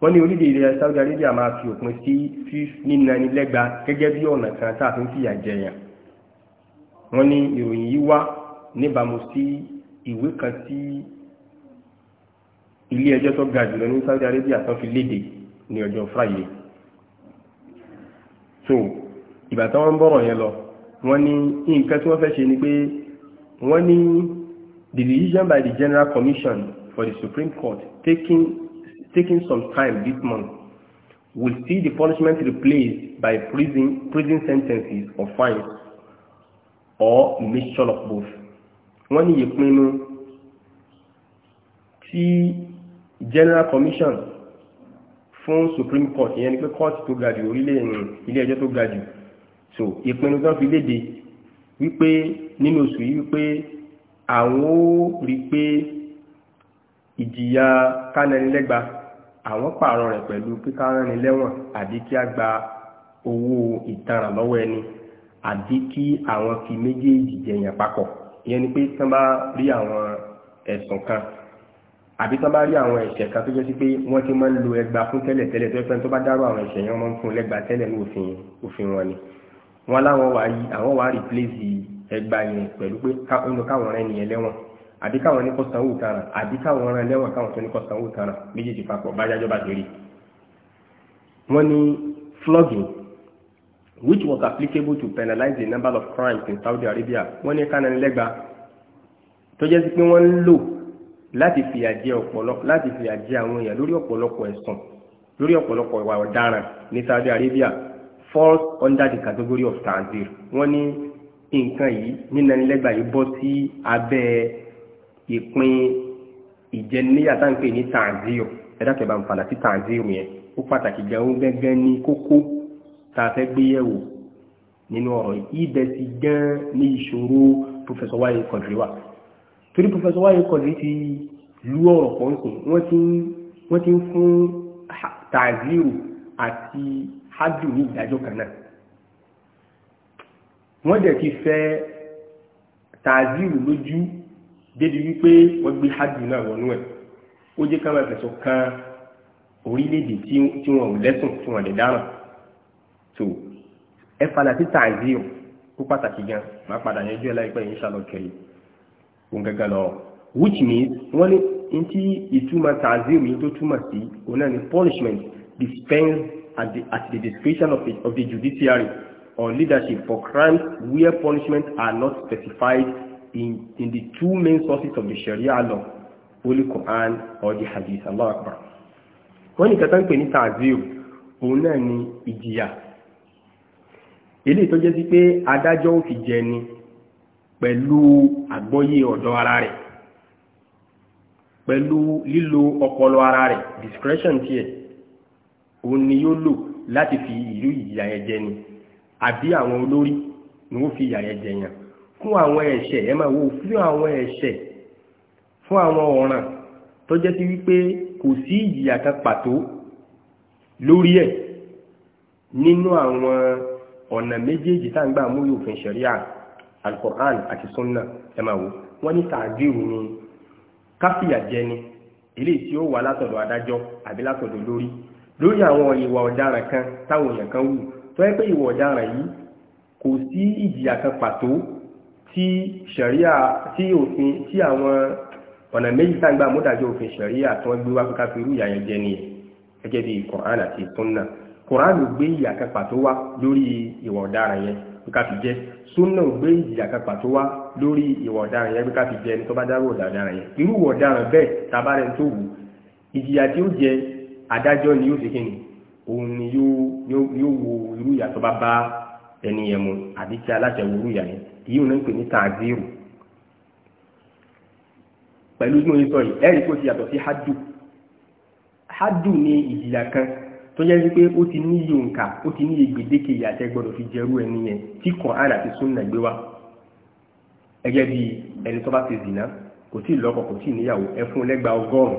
wọ́n ní orílẹ̀-èdè Saudi Arabia máa fi òpin sí nínà ilẹ́gbàá gẹ́gẹ́ bí ọ̀nà kan tá a fi ń fìyà jẹyàn wọ́n ní ìròyìn yìí wá níbàámu sí ìwé kan tí ilé ẹjọ́ tó ga jùlọ ní Saudi Arabia tó fi léde ní ọjọ́ Friday so ìgbà tí wọ́n ń bọ̀rọ̀ yẹn lọ wọ́n ní nǹkan tí wọ́n fẹ́ ṣe ni pé wọ́n ní the decision by the General Commission for the Supreme Court taking taking some time this month will see the punishment replaced by prison prison sentences or fines or mixture of both wọ́n ní ìpinnu tí general commission fún supreme court ìyẹn ni pé court tó ga jù orílẹ̀ ilé ẹjọ́ tó ga jù so ìpinnu tí wọ́n fi léde wípé nínú oṣù yìí wípé àwọn ó rí pé ìjìyà kánanilẹ́gba àwọn pààrọ̀ rẹ̀ pẹ̀lú kíkáránilẹ́wọ̀n àbí kí a gba owó ìtanràn lọ́wọ́ ẹni àbí kí àwọn fi méjèèjì jẹyàn papọ̀ ìyẹn ni pé tán bá rí àwọn ẹ̀sùn kan àbí tán bá rí àwọn ẹ̀ṣẹ̀ kan tó jẹ́ sí pé wọ́n ti máa ń lo ẹgba fún tẹ́lẹ̀ tẹ́lẹ̀ tó fẹ́ tó bá dárò àwọn ẹ̀ṣẹ̀ yẹn wọ́n máa ń fún lẹ́gba tẹ́lẹ̀ ní òfin òfin wọn ni wọ́n láwọn wà yí àwọn wà rìpléṣì ẹgba yẹn pẹ̀lú pé káwọn rẹ̀ nìyẹn lẹ́wọ̀n àbí káwọn ní kó sanwó tara àbí káwọn ran lẹ́wọ̀n káwọn tó ní kó sanwó tara méjèèjì papọ̀ bájájọ́ bá dérí. wọ́n ní flogging which was applicable to penalize the number of crimes in Saudi Arabia wọ́n ní kánánilẹ́gba tó jẹ́ sí pé wọ́n ń lò láti fìyà jẹ ọ̀pọ̀lọpọ̀ láti fìyà jẹ àwọn èèyàn lórí ọ̀pọ̀lọpọ̀ ẹ̀sùn lórí ọ̀pọ̀lọpọ̀ ìwà ọ̀daràn ní Saudi Arabia falls under the category of tanzir wọ́n ní nǹkan yìí nínánilẹ́gba yìí bọ́ sí abẹ́ ìpín ìjẹniyà táǹpẹ̀ ní tanzir ẹ̀dá kẹbàá ń padà sí tanzir yẹn ó pàtàkì jẹun gẹ́gẹ́ ní kókó tá a fẹ́ gbé yẹ̀wò nínú ọ̀rọ̀ ibẹ̀ ti gán ní ìṣòro professor wáyé kọ̀dìrí wà torí professor wáyé kọ̀dìrí ti lú ọ̀rọ̀ pọ̀nsìn wọ́n ti ń fún tàzírù àti hajj ní ìdájọ́ kan náà wọ́n dẹ̀ ti fẹ́ tàzírù lójú débi wípé wọ́n gbé hajj náà wọnú ẹ̀ ó jẹ́ ká máa fẹ̀sọ̀ kan orílẹ̀-èdè tí wọ́n ò lẹ́sùn tí wọ́n lè dáràn so ẹ padà sí tàǹzí o kó pàtàkì gan máa padà yanjú ẹ láìpẹ́ yìí ṣàlọ kẹyì òun gẹ́gẹ́ lọ which means wọ́n ní ntí ìtumọ̀ tàǹzí mi tó túmọ̀ sí òun náà ni punishment dispensed at the at the discretion of the of the judiciary or leadership for crimes where punishment are not specified in in the two main sources of the sharia law holy quran or the hadith allah akbar wọ́n ní kẹta ń pè ní tàǹzí o òun náà ni ìjìyà ilé tó jẹ́ sí pé adájọ́ ò fi jẹ ni pẹ̀lú àgbọ́yé ọ̀dọ̀ ara rẹ̀ pẹ̀lú lílo ọpọlọ ara rẹ̀ discretion tiẹ̀ òun ni yóò lò láti fi ìlú ìyà yẹn jẹ ni àbí àwọn olórí ni wọ́n fi ìyà yẹn yàn fún àwọn ẹ̀ṣẹ̀ ẹ máa wo fún àwọn ẹ̀ṣẹ̀ fún àwọn ọ̀ràn tó jẹ́ sí wípé kò sí ìyà kan pàtó lórí ẹ̀ nínú àwọn ọ̀nà méjèèjì tá à ń gbà mú òfin ṣẹ̀ríà alukur'an àti sunna ẹ máa wò wọ́n ní tàgírù ni káfíà jẹni eléyìí tí ó wà látọ̀dọ̀ adájọ́ àbí látọ̀dọ̀ lórí lórí àwọn ìwà ọ̀daràn kan táwọn èèyàn kan wù tó yẹ pé ìwà ọ̀daràn yìí kò sí ìjìyà kan pàtó tí ṣẹ̀ríà tí òfin tí àwọn ọ̀nà méjì tá ń gbà mú dájọ́ òfin ṣẹ̀ríà tí wọ́n gbé wá pé káfíà irú ìyà yẹn jẹni gẹ́gẹ́ bí Kùránì àti sunna kùránù gbé ìyà kan pàtó wá lórí ìwà ọ̀daràn yẹn bí ká fi jẹ súnà gbé ìyà kan pàtó wá lórí ìwà ọ̀daràn yẹn bí ká fi jẹ ẹni tó bá dárò ọ̀daràn yẹn irú ìwà ọ̀daràn bẹ́ẹ̀ tabarẹ̀ tó wù ìjìyà tí ó jẹ adájọ́ ni yóò fi kí ni òun ni yóò wo irú ìyà tó bá bá ẹni yẹn mu àbí tí aláṣẹ wo irú ìyà yẹn èyí ò ní pè ní tààdírù pẹ̀lú inú ìsọ yìí ẹ̀rí kò ti yàtọ̀ sí hádù hádù ni ìjìyà kan tó jẹ́ wípé ó ti ní iye nǹka ó ti ní iye gbèdéke ìyà tẹ́ gbọ́dọ̀ fi jẹrú ẹni yẹn tí Kùránì àti Sunnah gbé wá ẹgẹ́ bí ẹni tó bá ti zìnà kò tí ì lọ́kọ kò tí ì níyàwó ẹ fún lẹ́gbàá ọgọ́rùn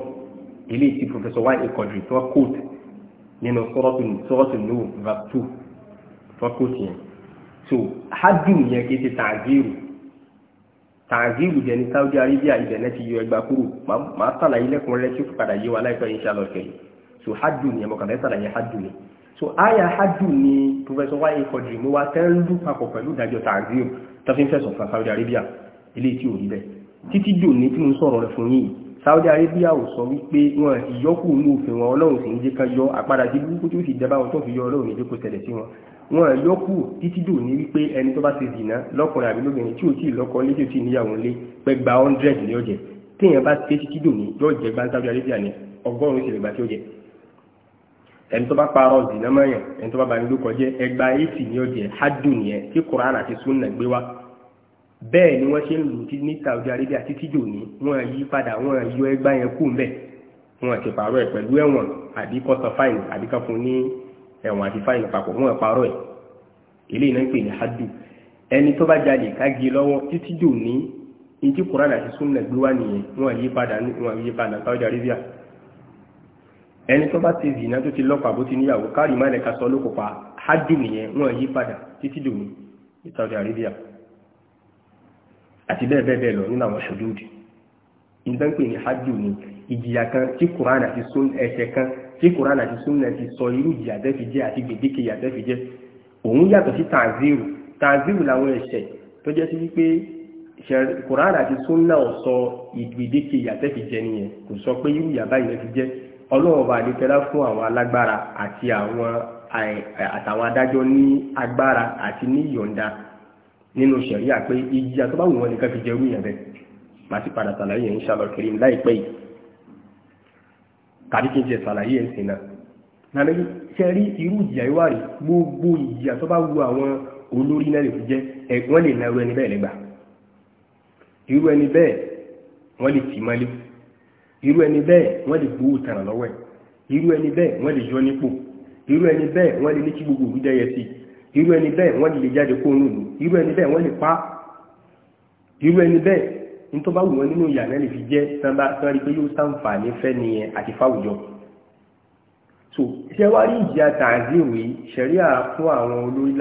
eléyìí tí Professor y ekodri tó kóòtù nínú sọ́ọ̀tù nù vatu tó kóòtù yẹn so hadum yẹn kì í ṣe tààzírù tààzírù jẹ ní Saudi Arabia ibẹ̀ náà ti yọ ẹgbàá kúrò màá sàlàyé lẹ́kùnrin rẹ tí ó padà yé wa láìpẹ́ inshallah kẹ́yìn so hajj ni ẹmọ kàlẹ́ sàlàyé hajj ni so àyà hajj ni professor wáyé kọjú mú wa tẹ́ ń lù papọ̀ pẹ̀lú ìdájọ́ tààzíò tọ́fín fẹ̀sọ̀ fún Saudi Arabia ilé tí ò rí bẹ́ẹ̀ titi dò ní tí mo ń sọ̀rọ̀ rẹ̀ fún Saudi Arabia ò sọ wípé wọn ìyọkù ní òfin wọn ọlọ́run sì ń jẹ́ ká yọ àpadà sí burúkú tí ó sì jẹba wọn tó fi yọ ọlọ́run ni jókòó tẹ̀lẹ̀ sí wọn wọn ìyọkù títí dò ní wípé ẹni tó bá ti dìnà lọ́kùnrin àbí lóbìnrin tí ò tí ì lọ́kọ lé tí ò tí ì níyàwó lé pẹ́gbà 100 ní ọjẹ́ téèyàn bá ṣe títí dò ní yóò jẹ́ gbá Saudi Arabia ni ọgọ́rùn-ún ìṣẹ̀lẹ̀ gbà tí ó jẹ́ ẹni tó bá parọ́ zìnà mọ́yàn ẹni tó bá bá nílùú kọjá ẹgbàá eighty ní ọjẹ́ hadu nìyẹn tí sunna gbé wá bẹ́ẹ̀ ni wọ́n ṣe ń lù ní Saudi Arabia títí dòní wọ́n yí padà wọ́n yọ ẹgbàá yẹn kú mbẹ́ wọ́n ti parọ́ ẹ̀ pẹ̀lú ẹ̀wọ̀n àbí kọ́sọ̀ fáìnì àbí kan fún ní ẹ̀wọ̀n àti fáìnì papọ̀ wọ́n parọ́ ẹ̀ ilé iná ń pè ní hadu ẹni tó bá jalè ká gé títí dòní ní tí Qur'an àti sunna gbé wá nìyẹn wọ́n yí padà wọ́n yí padà Saudi Arabia ẹni tó bá ti zìnà tó ti lọ́pàá bó ti níyàwó káàrí máa lẹ́ka sọ lókò pa hajjú nìyẹn wọ́n yí padà títí dòní ní Saudi Arabia àti bẹ́ẹ̀ bẹ́ẹ̀ bẹ́ẹ̀ lọ nínú àwọn ṣòdúdì ìdán pè ní hajjú ni ìjìyà kan tí Quran àti sun ẹsẹ̀ kan tí Quran àti sunna ti sọ irú ìjìyà tẹ́ fi jẹ́ àti gbèdéke ìyà tẹ́ jẹ́ òun yàtọ̀ sí tanziru tanziru làwọn ẹ̀ṣẹ̀ tó jẹ́ sí wípé Quran àti sunna ọ̀sọ ìgbèdéke ìyà tẹ́ fi jẹ́ nìyẹn kò sọ pé irú ìyà báyìí fi jẹ́ ọlọ́ọ̀bà àdìkẹ́lá fún àwọn alágbára àti àwọn àtàwọn adájọ́ ní agbára àti ní ìyọ̀ǹda nínú ṣẹ̀ríà pé ìjìyà tó bá wù wọ́n nìkan fi jẹrú ìyàn bẹ́ẹ̀ màá sì padà ṣàlàyé ẹ̀ ń ṣàlọ́kiri láìpẹ́ yìí tàbí kí n jẹ ṣàlàyé ń sìn náà nàbẹ́ irú ìjìyà ìwà rí gbogbo ìjìyà tó àwọn olórí náà lè fi jẹ́ ẹ̀gbọ́n lè na irú ẹni bẹ́ẹ̀ lẹ́gbàá irú ẹni bẹ́ẹ̀ wọ́n lè tì mọ́lé irú ẹni bẹ́ẹ̀ wọ́n lè gbowó tàrà lọ́wọ́ ẹ̀ irú ẹni bẹ́ẹ̀ wọ́n lè yọ nípò irú ẹni bẹ́ẹ̀ wọ́n lè ní kí gbogbo òru dẹ́yẹ sí irú ẹni bẹ́ẹ̀ wọ́n lè jáde kó nù irú ẹni bẹ́ẹ̀ wọ́n lè pa irú ẹni bẹ́ẹ̀ ní tó bá wù wọ́n nínú ìyànà lè fi jẹ́ sanba tán ni ẹ àti fáwùjọ. so ṣé wàá rí ìjìyà tàǹzìwì ṣẹ̀ríà fún àwọn olórí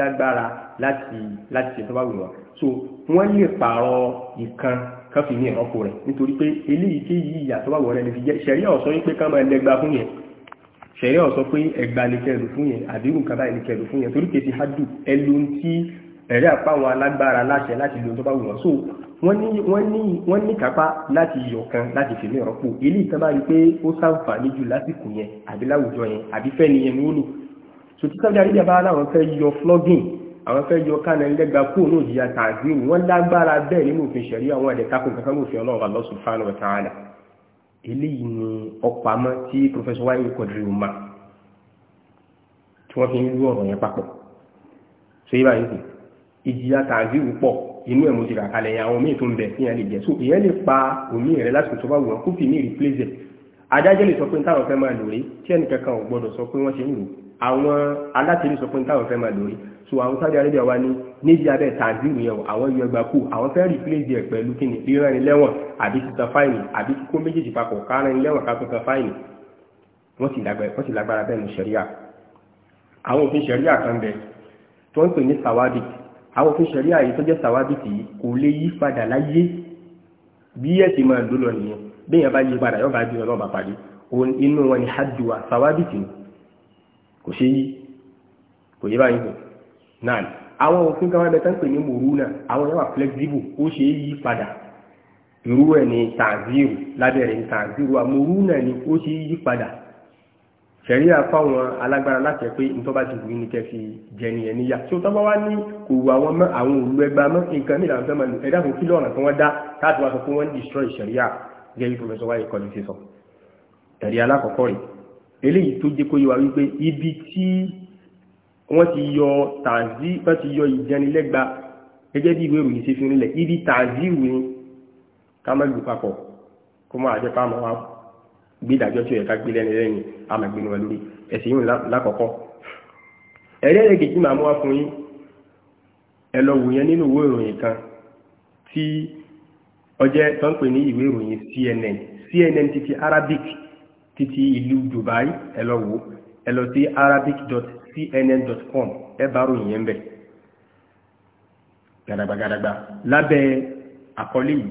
so wọ́n lè pààrọ̀ ìkan kan fi ní ìrọ́pò rẹ̀ nítorí pé eléyìí tí yí ìyàtọ̀ wà wọ̀rẹ́ ni fi jẹ́ ṣẹ̀rí ọ̀sọ́ wípé ká máa lẹ́gba fún yẹn ṣẹ̀rí ọ̀sọ́ pé ẹgbà ní kẹlù fún yẹn àbírù kan báyìí ní kẹlù fún yẹn torí pé ti hádù ẹlò tí ẹ̀rí àpá alágbára láṣẹ láti lo tó bá so wọ́n ní wọ́n ní wọ́n ní kápá láti yọ̀ kan láti fi ní ìrọ́pò eléyìí tán bá rí pé ó ṣàǹfààní jù lásìkò yẹn àbí láwùjọ yẹn àbí fẹ́ni yẹn ni lò flogging àwọn fẹ́ yọ kánà lẹ́gba kúrò ní òjìyà tààzí wọ́n lágbára bẹ́ẹ̀ nínú òfin ṣẹ̀rí àwọn ẹ̀dẹ̀kákò kankan òfin ọlọ́run Allah subhanahu wa ta'ala eléyìí ni ọpamọ́ tí professor wáyé kọ̀dìrì ma tí wọ́n fi ń rú ọ̀rọ̀ yẹn papọ̀ ṣé yíba yìí kù ìjìyà tààzí pọ̀ inú ẹ̀ mo ti rà kalẹ̀ yẹn àwọn míì tó ń bẹ̀ fíyàn lè jẹ́ so ìyẹn lè pa omi so àwọn Saudi Arabia wa ní níbi abẹ́ tanzil yẹn o àwọn yọ ẹgbà kù àwọn fẹ́ replace ẹ̀ pẹ̀lú kíni rírán ni lẹ́wọ̀n àbí títan fáìnì àbí kíkó méjèèjì papọ̀ kárán ni lẹ́wọ̀n ká tuntun fáìnì wọ́n sì lágbára bẹ́ẹ̀ ní sẹ̀ríà àwọn òfin sẹ̀ríà kan bẹ̀ tó ń pè ní sawadik àwọn òfin sẹ̀ríà yìí tó jẹ́ sawadik yìí kò lè yí padà láyé bí ẹ̀sìn máa lò nìyẹn bí ni hajj wa sawadik ni kò náà àwọn òfin kan wáyé tán pè ní mòrúnà àwọn yẹn wà flexible ó ṣe é yí padà irú ẹ̀ ní tàzírù lábẹ́rẹ̀ ní tàzírù àmòrúnà ni ó ṣe é yí padà ṣẹ̀rí àfáwọn alágbára láti ẹ̀ pé nítorí bá ti wù ní kẹfì jẹni ẹ̀ níyà tí ó tọ́ bá wá ní kò wù àwọn mọ́ àwọn òlu ẹgbàá mọ́ nǹkan mìíràn fẹ́ máa lò ẹ̀dá fún kí lọ́ọ̀nà tí wọ́n dá láti wá sọ pé wọ́n ń destroy ṣẹ̀rí à gẹ́gẹ́ professor wáyé kọ́ni ṣe sọ ẹ̀rí alákọ̀ọ́kọ́ rẹ̀ eléyìí tó jẹ́ kó yẹ wá wípé ibi tí wọ́n ti yọ tààzí wọ́n ti yọ ìjẹnilẹ́gba gẹ́gẹ́ bí ìwé ìròyìn ṣe fi rinlẹ̀ ibi tààzí ìwé ká má lù papọ̀ kó má àjẹpá àmọ́ wa gbé ìdájọ́ tí ó yẹ ká gbé lẹ́ni lẹ́ni àmọ́ ìgbéni wọn lórí ẹ̀sìn yìí lákọ̀ọ́kọ́ ẹ̀rẹ́ rẹ̀ kejì máa mú wá fún yín ẹ lọ wò yẹn nínú ìwé ìròyìn kan tí ọjẹ́ tó ń pè ní ìwé ìròyìn CNN CNN títí Arabic títí ìlú Dubai ẹ lọ wò ẹ lọ sí arabic dot cnn.com ẹ bá ròyìn yẹn bẹ̀ gàdàgbàgàdàgbà lábẹ́ àkọlé yìí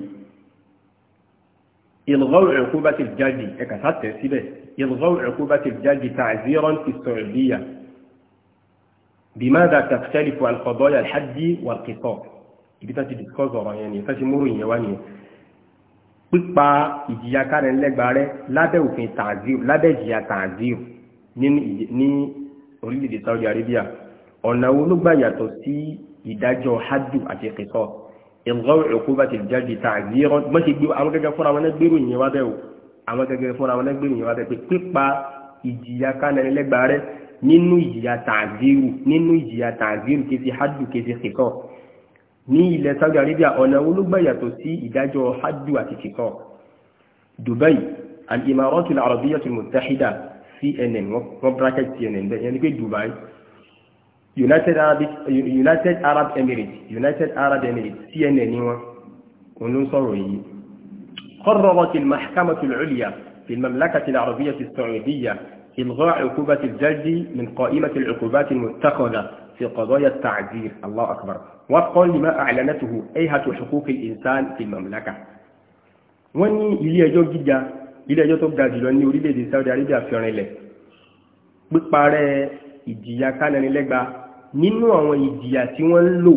ilghaw uqubati al-jaldi ẹ̀ka sátẹ̀ síbẹ̀ ilghaw uqubati al-jaldi ta'ziran fi as-Saudiya bimadha takhtalifu an qadaya al-haddi wal-qisas ibi tá ti discuss ọ̀rọ̀ yẹn ni tá ti múrò yẹn wá nìyẹn pípa ìjìyà kárẹ̀ ńlẹ́gbàá rẹ lábẹ́ òfin tààzíù lábẹ́ ìjìyà tààzíù ní orílẹ̀-èdè Saudi Arabia ọ̀nà wo ló gbà yàtọ̀ sí ìdájọ́ hadu àti kìtọ́ ìlgọ́ ìkúbà ti jáde ta àgbéyẹ̀rọ wọ́n ti gbé àwọn gẹ́gẹ́ fúnra wọn gbèrò ìyẹn wá bẹ́ẹ̀ o àwọn gẹ́gẹ́ fúnra wọn gbèrò ìyẹn wá bẹ́ẹ̀ pé pípa ìjìyà kánilẹ́gbàá rẹ nínú ìjìyà tààzírù nínú ìjìyà tààzírù kìí ti hadu kìí ní ilẹ̀ Saudi Arabia ọ̀nà wo ló gbà yàtọ̀ sí ìdájọ́ hadu àti kìtọ́ Dubai al-Imaratul Arabiyatul Muttahida cnn wọ́n bracket cnn bẹ́ẹ̀ yẹn ni pé dubai united arabic united arab emirates united arab emirates cnn ni wọ́n òun ló ń sọ̀rọ̀ yìí قررت المحكمة العليا في المملكة العربية السعودية إلغاء عقوبة الجلد من قائمة العقوبات المتخذة في قضايا التعذير الله أكبر وفقا لما أعلنته هيئة حقوق الإنسان في المملكة wọ́n ní ilé ẹjọ́ gíga ilé ẹjọ́ tó ga jùlọ ní orílẹ̀-èdè Saudi Arabia fi ọ̀rìn ilẹ̀ píparẹ́ ìjìyà kánanilẹ́gba nínú àwọn ìjìyà tí wọ́n ń lò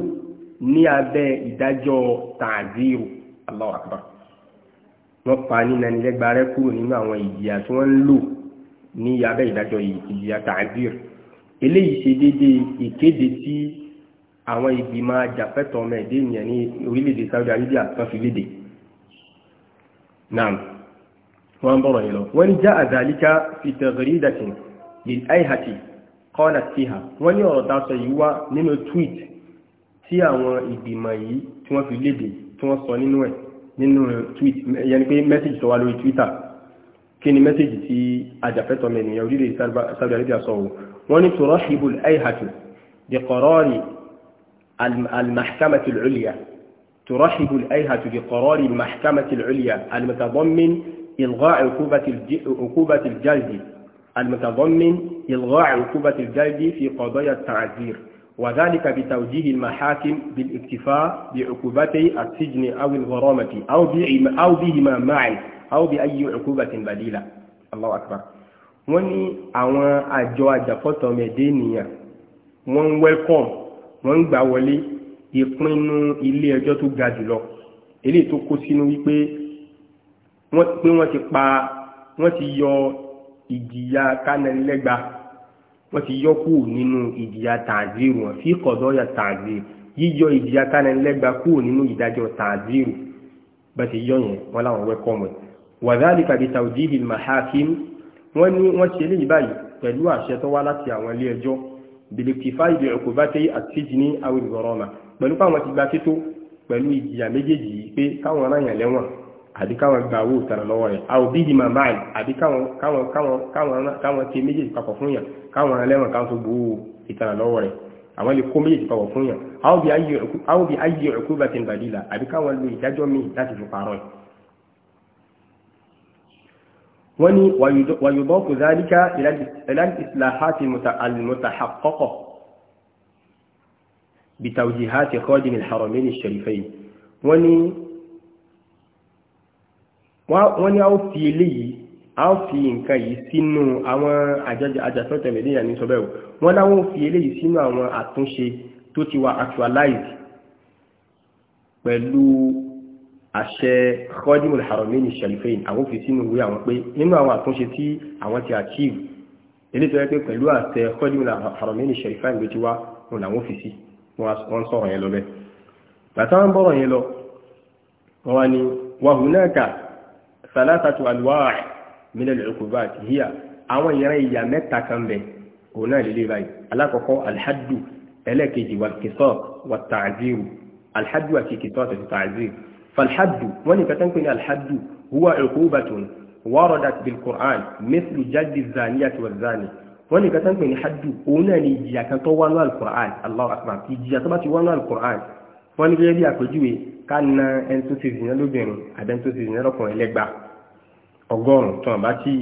ní abẹ́ ìdájọ́ tààzírù Allahu Akbar wọ́n pa nínanilẹ́gba rẹ́ kúrò nínú àwọn ìjìyà tí wọ́n ń lò ní abẹ́ ìdájọ́ ìjìyà tààzírù eléyìí ṣe déédéé ìkéde tí àwọn ìgbìmọ̀ ajàfẹ́tọ̀ọ́ ọmọ ẹ̀dẹ́ ènìyàn ní orílẹ̀-èdè Saudi Arabia kan fi léde náà wọ́n bọ̀rọ̀ yìí lọ wọ́n ní já àzàlíkà fi tagridatin lil aihati kọ́nà síhà wọ́n ní ọ̀rọ̀ tá sọ yìí wá nínú tweet tí àwọn ìgbìmọ̀ yìí tí wọ́n fi léde tí wọ́n sọ nínú ẹ̀ nínú tweet yẹni pé mẹ́sẹ̀jì tó wá lórí twitter kí ni mẹ́sẹ̀jì tí ajàfẹ́tọ̀ mẹ́nìyàn orílẹ̀ Saudi Arabia sọ wò wọ́n ní turahibul aihatu bi qarari al-mahkamati al-ulya turahibul aihatu bi qarari al-mahkamati al إلغاء عقوبة عقوبة الجلد المتضمن إلغاء عقوبة الجلد في قضايا التعذير وذلك بتوجيه المحاكم بالاكتفاء بعقوبتي السجن أو الغرامة أو أو بهما معا أو بأي عقوبة بديلة الله أكبر wọ́n ní àwọn àjọ مدينيا؟ mẹ́ẹ̀dẹ́ ènìyàn wọ́n ń welcome wọ́n ń gbà wọlé ìpinnu ilé ẹjọ́ tó ga jùlọ eléyìí tó kó sínú wípé pé wọ́n ti pa wọ́n ti yọ ìjìyà kánilẹ́gba wọ́n ti yọ kúrò nínú ìjìyà tààzírù wọn fi kọ̀dọ̀ yà tààzírù yíyọ ìjìyà kánilẹ́gba kúrò nínú ìdájọ́ tààzírù bẹ́ẹ̀ ti yọ yẹn wọ́n láwọn wẹ́kọ̀ mọ̀ wàdálìkà bí tàwùjíhìl mahakim wọ́n ní wọ́n ṣe eléyìí báyìí pẹ̀lú àṣẹ tó wá láti àwọn ilé ẹjọ́ bìlìkìfà ìdè ọkọ̀ bá tẹ́ àtijì ní awìrìbọ̀rọ̀ mà pẹ̀lú káwọn ti gba tító pẹ̀lú ìjìyà méjèèjì yìí pé káwọn aráyàn lẹ́wọ̀n àbí káwọn gba owó ìtara lọ́wọ́ rẹ̀ àwọn bíi ìmọ̀ báyìí àbí káwọn káwọn méjèèjì papọ̀ fún yàn káwọn ẹlẹ́wọ̀n káwọn tó gbowó ìtara lọ́wọ́ rẹ̀ àwọn lè kó méjèèjì papọ̀ fún yàn àwọn bíi ayé ẹ̀kú bá ti ń bàdí àbí káwọn lo ìdájọ́ míì láti fi parọ́ ẹ̀. wọ́n ní wàyùbọ́ kò záríká ìlànà ìsìláhàtì wọ́n ní a ó fi eléyìí a ó fi nǹkan yìí sínú àwọn àjàsán tẹ̀mẹ̀lẹ́yà ní sọ bẹ́ẹ̀ wọ́n láwọn ó fi eléyìí sínú àwọn àtúnṣe tó ti wà actualize pẹ̀lú àṣẹ kọ́dímù haromin sharifain àwọn ó sínú ìwé àwọn pé nínú àwọn àtúnṣe tí àwọn ti achieve eléyìí tó yẹ pé pẹ̀lú àṣẹ kọ́dímù haromin sharifain ló ti wá wọn làwọn ó fi sí wọ́n sọ̀rọ̀ yẹn lọ bẹ́ẹ̀ bàtà wọn bọ̀rọ̀ yẹn lọ wọ́n wá ní wàhùnáàkà salasatu anwaa min al-uqubat hiya àwọn ìran ìyà mẹ́ta kan bẹ̀ òun náà lélẹ́ báyìí alákọ̀ọ́kọ́ alhaddu ẹlẹ́ẹ̀kejì wàkìsọ́ wàtàzíru alhaddu àti kìsọ́ àti tàzíru falhaddu wọ́n ní kẹta ń pè ní alhaddu huwa uqubatun waradat bil qur'an mithlu jaddi zaniyati wa zani wọ́n ní kẹta ń pè ní haddu òun náà ní ìjìyà kan ọgọ́rùn-ún tó àbá tí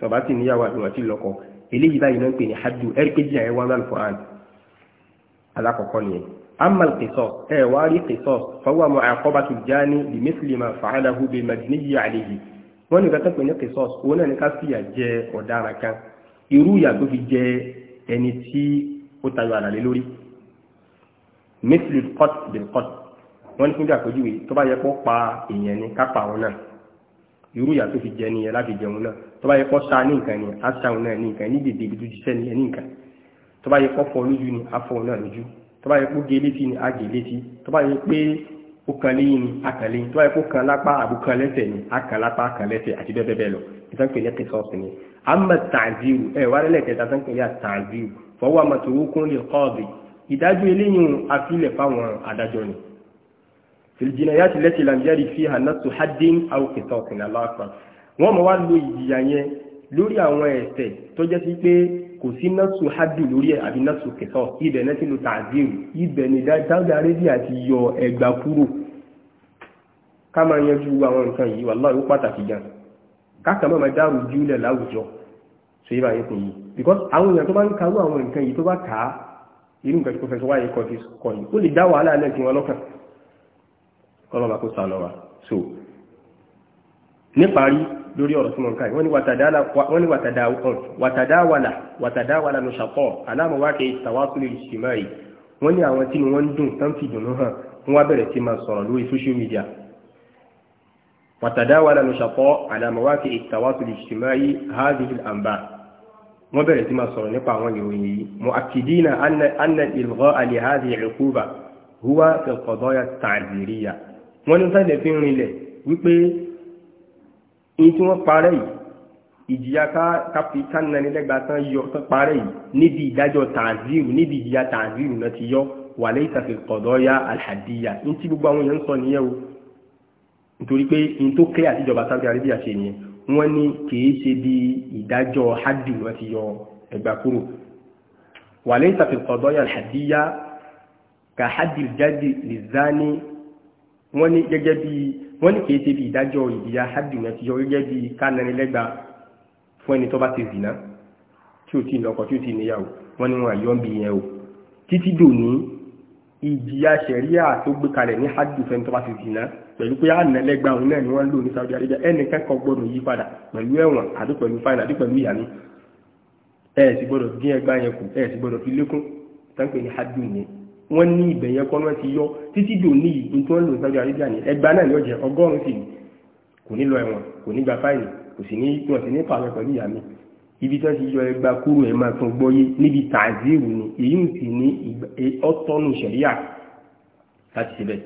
tó àbá tí níyàwó àti wọn ti lọ́kọ eléyìí báyìí náà ń pè ní hajj ẹ̀ríkejì àyẹ̀ wọn náà fọ́án alákọ̀ọ́kọ́ nìyẹn amal qisas ẹ wá rí qisas fọwọ́ àwọn àkọ́bàtú jáni bí mẹ́sìlìmà fàáláhù bí màdìníyì àlejì wọ́n ní ká tó pè ní qisas òun náà irú ìyà tó fi jẹ nìyẹn láti jẹun náà tó bá yẹ kó sa ní nǹkan ni aṣáun náà ní nǹkan ní dèdè ibi tó jíṣẹ́ ní ẹni nǹkan tó bá yẹ kó fọ lójú ni afọ náà lójú tó bá yẹ kó gé létí ni agè létí tó bá yẹ pé ó kan léyìn ni akàn léyìn tó bá yẹ kó kan lápá àbú kan lẹ́sẹ̀ ni akàn lápá akàn lẹ́sẹ̀ àti bẹ́ẹ̀ bẹ́ẹ̀ lọ ìtànkùn ilẹ̀ ọ̀sìn ni àmọ́ tàǹdìrù ẹ̀ wá rẹ̀ lẹ́kẹ̀ẹ́ta ìtànkùn fìlìjìnàyàtì lẹ́tì làmìyàrí fi hànà tó hádín àwòkìtà ọ̀sìn aláàfà wọ́n mọ̀ wá lo ìjìyà yẹn lórí àwọn ẹ̀ṣẹ̀ tó jẹ́ sí pé kò sí nọ́ọ̀sù hádùn lórí ẹ̀ àbí nọ́ọ̀sù kẹsàn ibẹ̀ náà ti lo tààzírù ibẹ̀ ni Saudi Arabia ti yọ ẹgbà kúrò ká máa yanjú àwọn nǹkan yìí wallahi ó pàtàkì gan káàkà máa máa dárò júlẹ̀ láwùjọ tó yẹ bá because àwọn èèyàn tó bá ń karú àwọn nǹkan yìí tó bá kà á irú nǹkan tí kò fẹ́ sọ wáyé kọ́ fi kọ́ yìí wàhálà náà ti wọn lọ́kàn kọ́lọ́ba kó sànà wa so níparí lórí ọ̀rọ̀ tí mo ń ká yìí wọ́n ní wàtàdáwàlà wàtàdáwàlà ló ṣàpọ̀ aláàmúwákẹ́ ìtàwásílẹ̀ ìṣìmá yìí wọ́n ní àwọn tí ni wọ́n ń dùn tán fi dùnú hàn wọ́n wá bẹ̀rẹ̀ sí máa sọ̀rọ̀ lórí social media wàtàdáwàlà ló ṣàpọ̀ aláàmúwákẹ́ ìtàwásílẹ̀ ìṣìmá yìí hádìí àmbá wọ́n bẹ̀rẹ̀ sí máa sọ̀rọ̀ nípa àwọn ìròyìn yìí wọ́n ní sáìlẹ̀ fi rinlẹ̀ wípé in tí wọ́n parẹ́ yìí ìjìyà káfí kánilẹ́gbà tán yọ tán parẹ́ yìí níbi ìdájọ́ tààzírù níbi ìjìyà tààzírù náà ti yọ wà lẹ́yìn tàfi kọ̀dọ̀ ya alhadiya in tí gbogbo àwọn èèyàn ń sọ nìyẹn o nítorí pé in tó kẹ́ àtijọba Saudi Arabia ṣe nìyẹn ka hadi jáde lè wọ́n ní gẹ́gẹ́ bí wọ́n ní kìí ṣe bí ìdájọ́ ìdíyà hajj náà ti yọ gẹ́gẹ́ bí kánanilẹ́gba fún ẹni tó bá ti zìnà tí ò tí ì lọ́kọ tí ò tí ì níyàwó wọ́n ní wọn àyọ́ ń bi yẹn o títí dòní ìjìyà sẹ̀ríà tó gbé kalẹ̀ ní hajj fẹ́ni tó bá ti zìnà pẹ̀lú pé ànàlẹ́gba òun náà ni wọ́n lò ní Saudi Arabia ẹnìkan kan gbọ́dọ̀ yí padà pẹ̀lú ẹ̀wọ̀n àti pẹ̀lú fáìn àti pẹ̀lú ìyàmí ẹ̀ sì gbọ́dọ̀ dín ẹgbàá yẹn kù ẹ̀ gbọ́dọ̀ fi lékún táǹpẹ̀ ní hajj yẹn wọ́n ní ìbẹ̀yẹ kọ́ wọ́n ti yọ títí dò ní ìpín tó ń lò sáájú arábíà ní ẹgbàá náà ní ọ̀jẹ̀ ọgọ́rùn-ún sì kò ní lọ ẹ̀wọ̀n kò ní gba fáìlì kò sì ní wọ́n sì ní pààrọ̀ pẹ̀lú ìyá mi ibi tí wọ́n ti yọ ẹgbàá kúrò ẹ̀ máa tún gbọ́yé níbi tàzíìrù ni èyí ń sì ní ọ̀tọ́nù ṣẹ̀ríà láti ṣe bẹ́ẹ̀.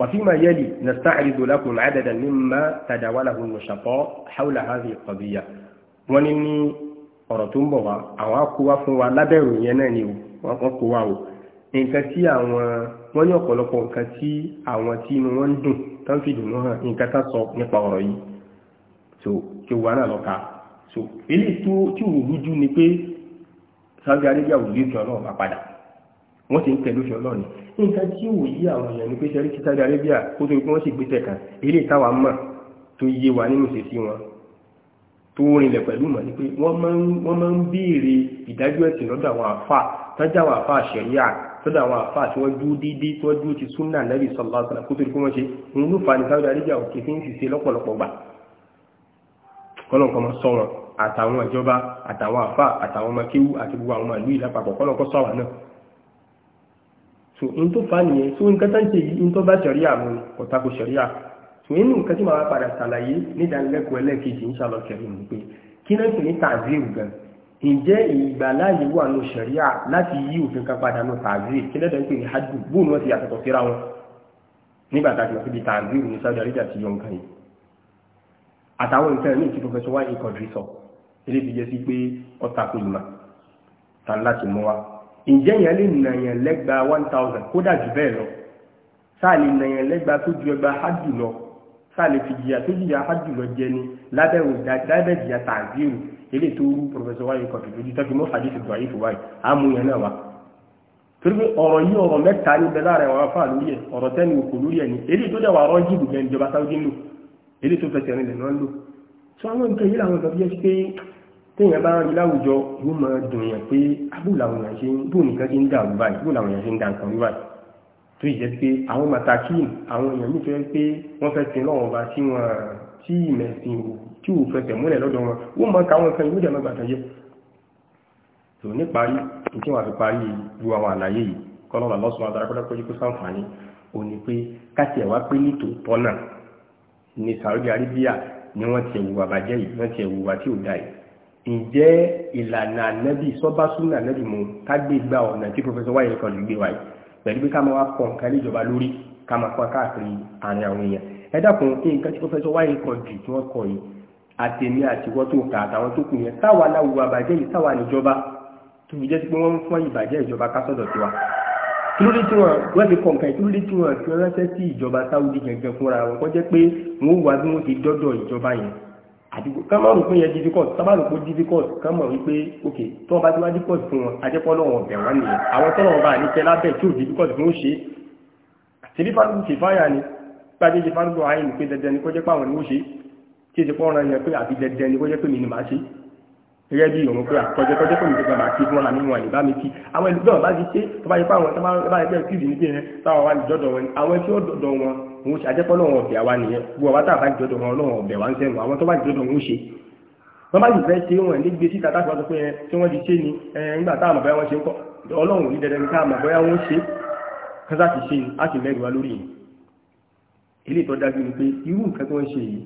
وفيما يلي نستعرض لكم عددا مما تداوله النشطاء حول هذه القضية nǹkan tí àwọn wọ́n ní ọ̀pọ̀lọpọ̀ nǹkan tí àwọn tí inú wọn ń dùn tán fi dùn náà nǹkan tá sọ nípa ọ̀rọ̀ yìí so kí wà náà lọ́ka so eléyìí tó tí ò rújú ni pé Saudi Arabia ò lè fi ọlọ́run bá padà wọ́n ti ń tẹ̀lé òfin ọlọ́run nǹkan tí ò yí àwọn èèyàn ni pé sẹ́rí ti Saudi Arabia kó tó wọ́n sì gbé tẹ̀kan eléyìí táwa mọ̀ tó yé wa nínú ìṣesí wọn tó rinlẹ̀ pẹ̀lú mọ̀ ni pé wọ́n máa ń béèrè ìdájọ́ ẹ̀sìn lọ́dọ̀ àwọn àfà tájà àwọn àfà ṣẹ̀ríà sọ́dọ̀ àwọn àfáà tí wọ́n dúró déédéé tí wọ́n dúró ti súnà nàbì sallallahu alaihi wasallam kó tó di kó wọ́n ṣe ń ló fa ní sáwọ́dì àríjà òkè tí ń sì ṣe lọ́pọ̀lọpọ̀ gbà kọ́lọ́nkọ́ máa sọ wọn àtàwọn ìjọba àtàwọn àfáà àtàwọn ọmọ kéwú àti gbogbo àwọn ìlú ìlápapọ̀ kọ́lọ́nkọ́ sọ wà náà so tó fa nìyẹn so nǹkan tán ṣe yìí tó bá ṣẹ̀ríà mu ọ̀tako ṣẹ̀ríà so inú nǹkan tí màá padà ṣàlàyé nídàálẹ́kọ̀ọ́ ẹlẹ́ẹ̀kejì inshallah kẹrin ni pé kí náà sì ní tààzírù gan ǹjẹ́ ìgbàláyé wà ní ṣẹ̀ríà láti yí òfin kan padà ní tààzírì kí lẹ́dọ̀ ń pè ní hajjú bóun wọ́n ti yàtọ̀tọ̀ síra wọn nígbà tá a ti lọ síbi tààzírì ní Saudi Arabia ti yọ nǹkan yìí àtàwọn nǹkan ní ìtìkọ́ fẹsọ wáyé kọ̀dùrí sọ ilé ti jẹ́ sí pé ọ̀tà kò ìmọ̀ ta láti mú wa ǹjẹ́ yẹn lè nà yẹn lẹ́gba one thousand kódà jù bẹ́ẹ̀ lọ sáà lè nà yẹn lẹ́gba tó ju ẹgba ilé tó rú pòfẹsọ wáyé kọtù lójú tọ́jú mọ́ fàdí ti gbàyè wa. wáyé àmúyẹn náà wá torí pé ọ̀rọ̀ yìí ọ̀rọ̀ mẹ́ta níbẹ̀ láàrin àwọn afá lórí ẹ̀ ọ̀rọ̀ tẹ́nu òkò lórí ẹ̀ ní èdè tó dẹ̀ wà rọ́ jìbù bẹ́ẹ̀ ìjọba sáwọ́dí ń lò èdè tó fẹsẹ̀ rìn lẹ́nu ń lò tó àwọn nǹkan yìí làwọn nǹkan fi jẹ́ pé téèyàn bá rí láwùjọ yóò máa dùn yàn pé abúlé ah, làwọn èèyàn ṣe ń bò nìkan ṣe ń dà rú báyìí bò làwọn èèyàn ṣe ń dà nǹkan rú báyìí tó yìí jẹ́ pé àwọn matakin àwọn èèyàn nífẹ̀ẹ́ pé wọ́n fẹ́ sin lọ́wọ́ ọba tí wọ́n tí ìmẹ̀sìn ò tí ò fẹsẹ̀ múlẹ̀ lọ́dọ̀ wọn wọ́n mọ káwọn nǹkan ìwúdẹ̀ mẹ́gbà tán yé tò ní parí tí wọ́n fi parí ru àwọn àlàyé yìí kọ́lọ́mà lọ́sùn adárakọ́dákọ́ yìí kó sáǹfààní ò ní pé káti ẹ̀ wá pé nítòótọ́ náà ní Saudi Arabia ni wọ́n ti ẹ̀wù àbàjẹ́ yìí wọ́n ti ẹ̀wù wà tí ò dá yìí ǹjẹ́ ìlànà ànábì sọ́bá súnà mu ká gbé gba ọ̀nà tí pòfẹ́sọ wáyé kan lè gbé wáyé pẹ̀lú pé ká máa wá pọ̀ nǹkan níjọba lórí ká máa pọ́n káàkiri àárín àwọn èèyàn ẹ dákun kí nǹkan tí pọfẹsọ wáyé kan jù tí wọn kọ yìí àtẹmí àtiwọ́ tó kà àtàwọn tó kù yẹn táwa láwùú àbàjẹ́ yìí táwa níjọba tó fi jẹ́ sí pé wọ́n ń fọ́n ìbàjẹ́ ìjọba kásọ̀dọ̀ tiwa kí ló dé tí wọn wọn fi kọǹkà kí ló dé tí wọn fi ránṣẹ́ sí ìjọba sáwùdí gẹ́gẹ́ fúnra wọn kọ jẹ́ pé wọn ó wá bí wọn ti dọdọ ìjọba yẹn àdìgbò ká má rò pé yẹn difficult ká má rò pé difficult ká mọ̀ wípé ok tí wọn bá ti wá difficult fún wọn ajẹ́pọ̀ lọ́wọ́ ọ̀bẹ̀ wọn nìyẹn àwọn tọ́lọ̀ wọn bá àníkẹ́ lábẹ́ tí ò difficult fún ó ṣe àti bí fáwọn ti fáyà ni pàdé ṣe fárúgbọ̀ ayé ní pé dandan ni kó jẹ́ pàwọn ni ó ṣe tí èsì pọ́nrán yẹn pé àti dandan ni kó jẹ́ pé mi ni màá ṣe gẹ́gẹ́ bí òun pé àkọjẹ́ kọjẹ́ pé mi ti gbàgbà kí fúnra mi wọn ìbá mi kí àwọn ẹlú náà bá ti ṣe tó bá yẹ pé àwọn tó bá yẹ pé kíìdì níbi yẹn táwọn wá ní dọ́dọ̀ wọn àwọn tí ó dọ̀dọ̀ wọn òun ṣe àjẹpọ̀ lọ́wọ́ ọ̀bẹ̀ wọ́n bá sì fẹ́ ṣe wọn ní gbèsè tàbí àtúntò pé tí wọ́n ti ṣe ni nígbà táwọn àmọ̀ báyà ṣe ń kọ́ ọlọ́run ní dandan ní káàmọ̀ báyà wọ́n ṣe kán ti ṣe ni á sì mẹ́rin wa lórí yìí ilé ìtọ́ dájú ni pé irú nǹkan tó ń ṣe yìí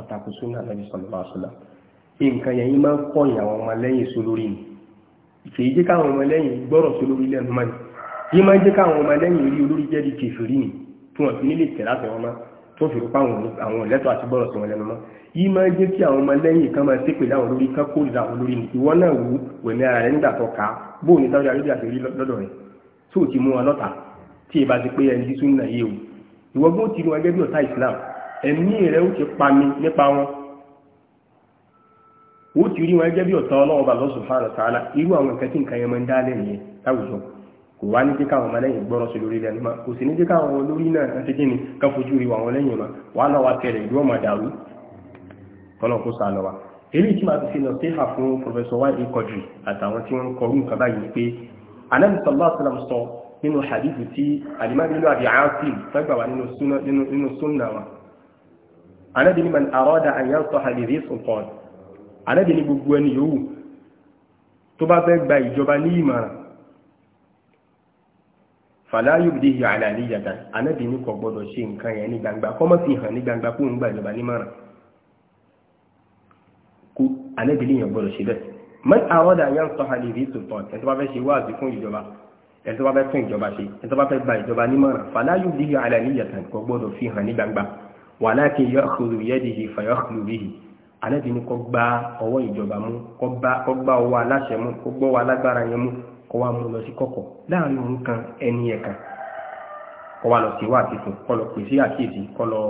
ọ̀tàkùn súnà nàbí sallallahu alaihi wasallam nǹkan yẹn yín máa ń kọ̀yìn àwọn ọmọ lẹ́yìn sólórí ni ìfèyí jẹ́ káwọn ọmọ lẹ́yìn gbọ́rọ̀ sólórí lẹ́nu mọ́ni yín máa ń jẹ́ káwọn ọmọ lẹ́yìn rí olórí jẹ́ di kèfèrí ni tí wọ́n fi nílé tẹ̀ láti wọn mọ́ tó fi rúpa àwọn ìlẹ́tọ̀ àti gbọ́rọ̀ sí wọn lẹ́nu mọ́ yìí máa ń jẹ́ kí àwọn ọmọ lẹ́yìn kan máa ṣépè láwọn olórí kan kó ìlà olórí ni ìwọ náà wù wẹ̀mí ara rẹ̀ nígbà tó kà bóun ní sáwọ́dí arábíà ti rí lọ́dọ̀ rẹ̀ tó ti mú wọn lọ́ta tí ì bá ti pé ẹni tí súnmọ́ yìí o ìwọ́gbọ́n ti rí wọn gẹ́gẹ́ bí ọ̀tá islam ẹ̀mí rẹ̀ ó ti pa mi nípa wọn ó ti rí wọn gẹ́gẹ́ bí ọ̀tá ọlọ́wọ́ bá lọ́sùn fún àrùn tààlà irú àwọn nǹkan tí nǹkan yẹn máa ń dálẹ̀ nìyẹn láwùjọ kò wá ní jẹ́ káwọn ọmọlẹ́yìn gbọ́rọ̀ sí lórí lẹ́nu mọ́ kò sì ní jẹ́ káwọn olórí náà rí wọn lẹ́yìn wa èyí tí màá fi nọ̀síhà fún nínú hadithu tí alimami nínú àbí aásìm sọ́gbà wà nínú súnà wa anábì ní man àrọ́dà àyàn sọ àlèrí sùpọ̀n anábì ní gbogbo ẹni yòówù tó bá fẹ́ gba ìjọba ní ìmọ̀ràn fàláyò dé yà àlàyé yàtà anábì ní kò gbọdọ̀ ṣe nǹkan yẹn ní gbangba kọ́mọ́ fi hàn ní gbangba kó ń gba ìjọba ní ìmọ̀ràn kú anábì ní yàn gbọdọ̀ ṣe bẹ́ẹ̀ man àrọ́dà àyàn sọ àlèrí sùpọ̀n ẹ̀ tó bá fẹ́ ṣe wáàzì fún ìjọba ẹni tó bá fẹ́ tún ìjọba ṣe ẹni tó bá fẹ́ gba ìjọba nímọ̀ràn fàlàyé bíi alaniyatan kò gbọ́dọ̀ fi hàn ní gbangba walakin ya'khudhu bi yadihi fayakhluu bihi alẹ́bí ni kó gba ọwọ́ ìjọba mú kó gba ọwọ́ aláṣẹ mú kó gbọ́ wa lágbára yẹn mú kó wá mú lọ sí kọ̀kọ̀ láàrin òun kan ẹni ẹ̀kan kó wá lọ sí wá àtìkù kó lọ pèsè àkíyèsí kó lọ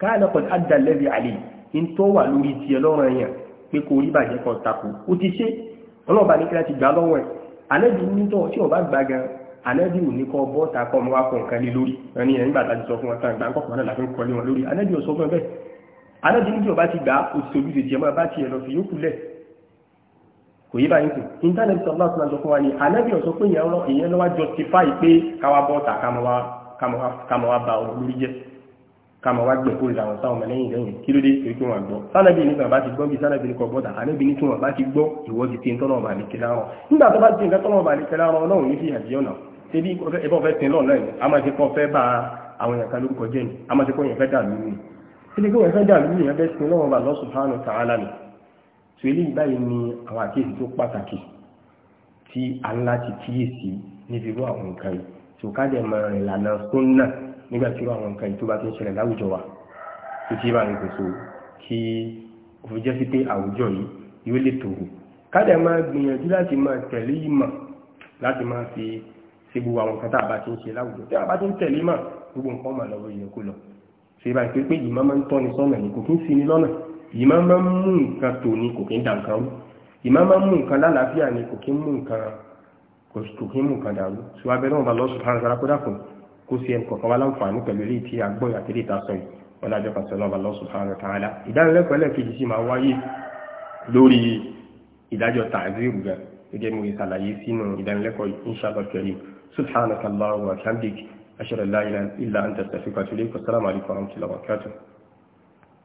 káàlẹ̀ pẹ̀lú àdàlẹ́bí àlè ní tó wà lórí tiẹ̀ lọ́rọ̀ ẹ̀yàn pé kò rí bàjẹ́ kan tako ó ti ṣe ọlọ́ọ̀bá ní kíláà ti gbà lọ́wọ́ ẹ̀ àlẹ́bí ní tó tí ọba gbà gan àlẹ́bí ò ní kọ́ bọ́ọ̀tà kọ́ ọmọ wa kọ̀ nǹkan lé lórí ẹni ẹ̀ nígbà tàbí sọ fún wọn tán ìgbà ńkọ̀ kọ́nà làfin kọ́ lé wọn lórí àlẹ́bí ò sọ fún ẹ bẹ́ẹ̀ àlẹ́bí ní tí ọba ti gbà òṣèlú tètè máa bá tiẹ̀ lọ fi yókù lẹ̀ kò yí báyìí sùn intanẹti sọ láti sọ fún wa ni àlẹ́bí ọ̀sọ́ pé ìyẹn lọ́wọ́ justify pé káwa bọ́ọ̀tà kámọ́ wa bá ọ lórí jẹ́ kama wá gbẹ̀ kórìíra wọn sáwọn ọmọlẹ́yìn lẹ́yìn kí ló dé torí kí wọ́n gbọ́ sánàbí nígbà bá ti gbọ́ bí sánàbí ní kọ bọ́dà àlẹ́bí ní tí wọ́n bá ti gbọ́ ìwọ́ ti ti ń tọ́nà ọba àlekèrè àwọn nígbà tó bá ti ń tọ́nà ọba àlekèrè àwọn ọlọ́run ní fi àbí ọ̀nà ṣebí ẹbọ fẹ́ tin lọ́nà ẹ̀ a máa ti kọ́ fẹ́ bá àwọn èèyàn kan lórúkọ jẹ́ ni a máa ti kọ́ yẹn fẹ́ dà lóyún ni ṣe kí wọ́n fẹ́ dà lóyún yẹn fẹ́ sin lọ́wọ́ bá lọ́sùn fáánù tààlà ni tó eléyìí báyìí ni àwọn àkíyèsí tó pàtàkì tí a ńlá ti kíyèsí níbi irú àwọn nǹkan yìí tó ká dẹ̀ mọ ìlànà sunna nígbà tí irú àwọn nǹkan yìí tó bá ti ń ṣẹlẹ̀ láwùjọ wa tó ti bá ní kòso kí ó fi jẹ́ sí pé àwùjọ yìí yóò lè tòrò kádà máa gbìyànjú láti máa tẹ̀lé ìmọ̀ láti máa fi ṣe gbogbo àwọn nǹkan tá a bá ti ń ṣe láwùjọ tí a bá ti ń tẹ̀lé mà gbogbo nǹkan mà lọ́wọ́ ìyẹn kó lọ ṣe bá pé pé ìmọ̀ máa ń tọ́ni sọ́nà ni kò kí ń sinmi lọ́nà ìmọ̀ máa ń mú nǹkan tò ni kò kí ń dà nǹkan rú ìmọ̀ máa ń mú nǹkan lálàáfíà ni kò kí ń mú nǹkan kò kí ń mú nǹkan dàrú ṣùgbọ́n abẹ́rẹ́ wọn bá lọ sùn kó sí ẹnì kọ̀ọ̀kan wá láǹfààní pẹ̀lú eléyìí tí a gbọ́ àti eléyìí tá a sọ yìí wọn lájọ kan sọlọ́ọ̀bà Allah subhanahu wa ta'ala ìdánilẹ́kọ̀ọ́ ẹlẹ́ẹ̀kejì sì máa wáyé lórí ìdájọ́ tààzírù gan gẹ́gẹ́ mo ìsàlàyé sínú ìdánilẹ́kọ̀ọ́ inshallah karim subhanaka Allahumma wa bihamdik ashhadu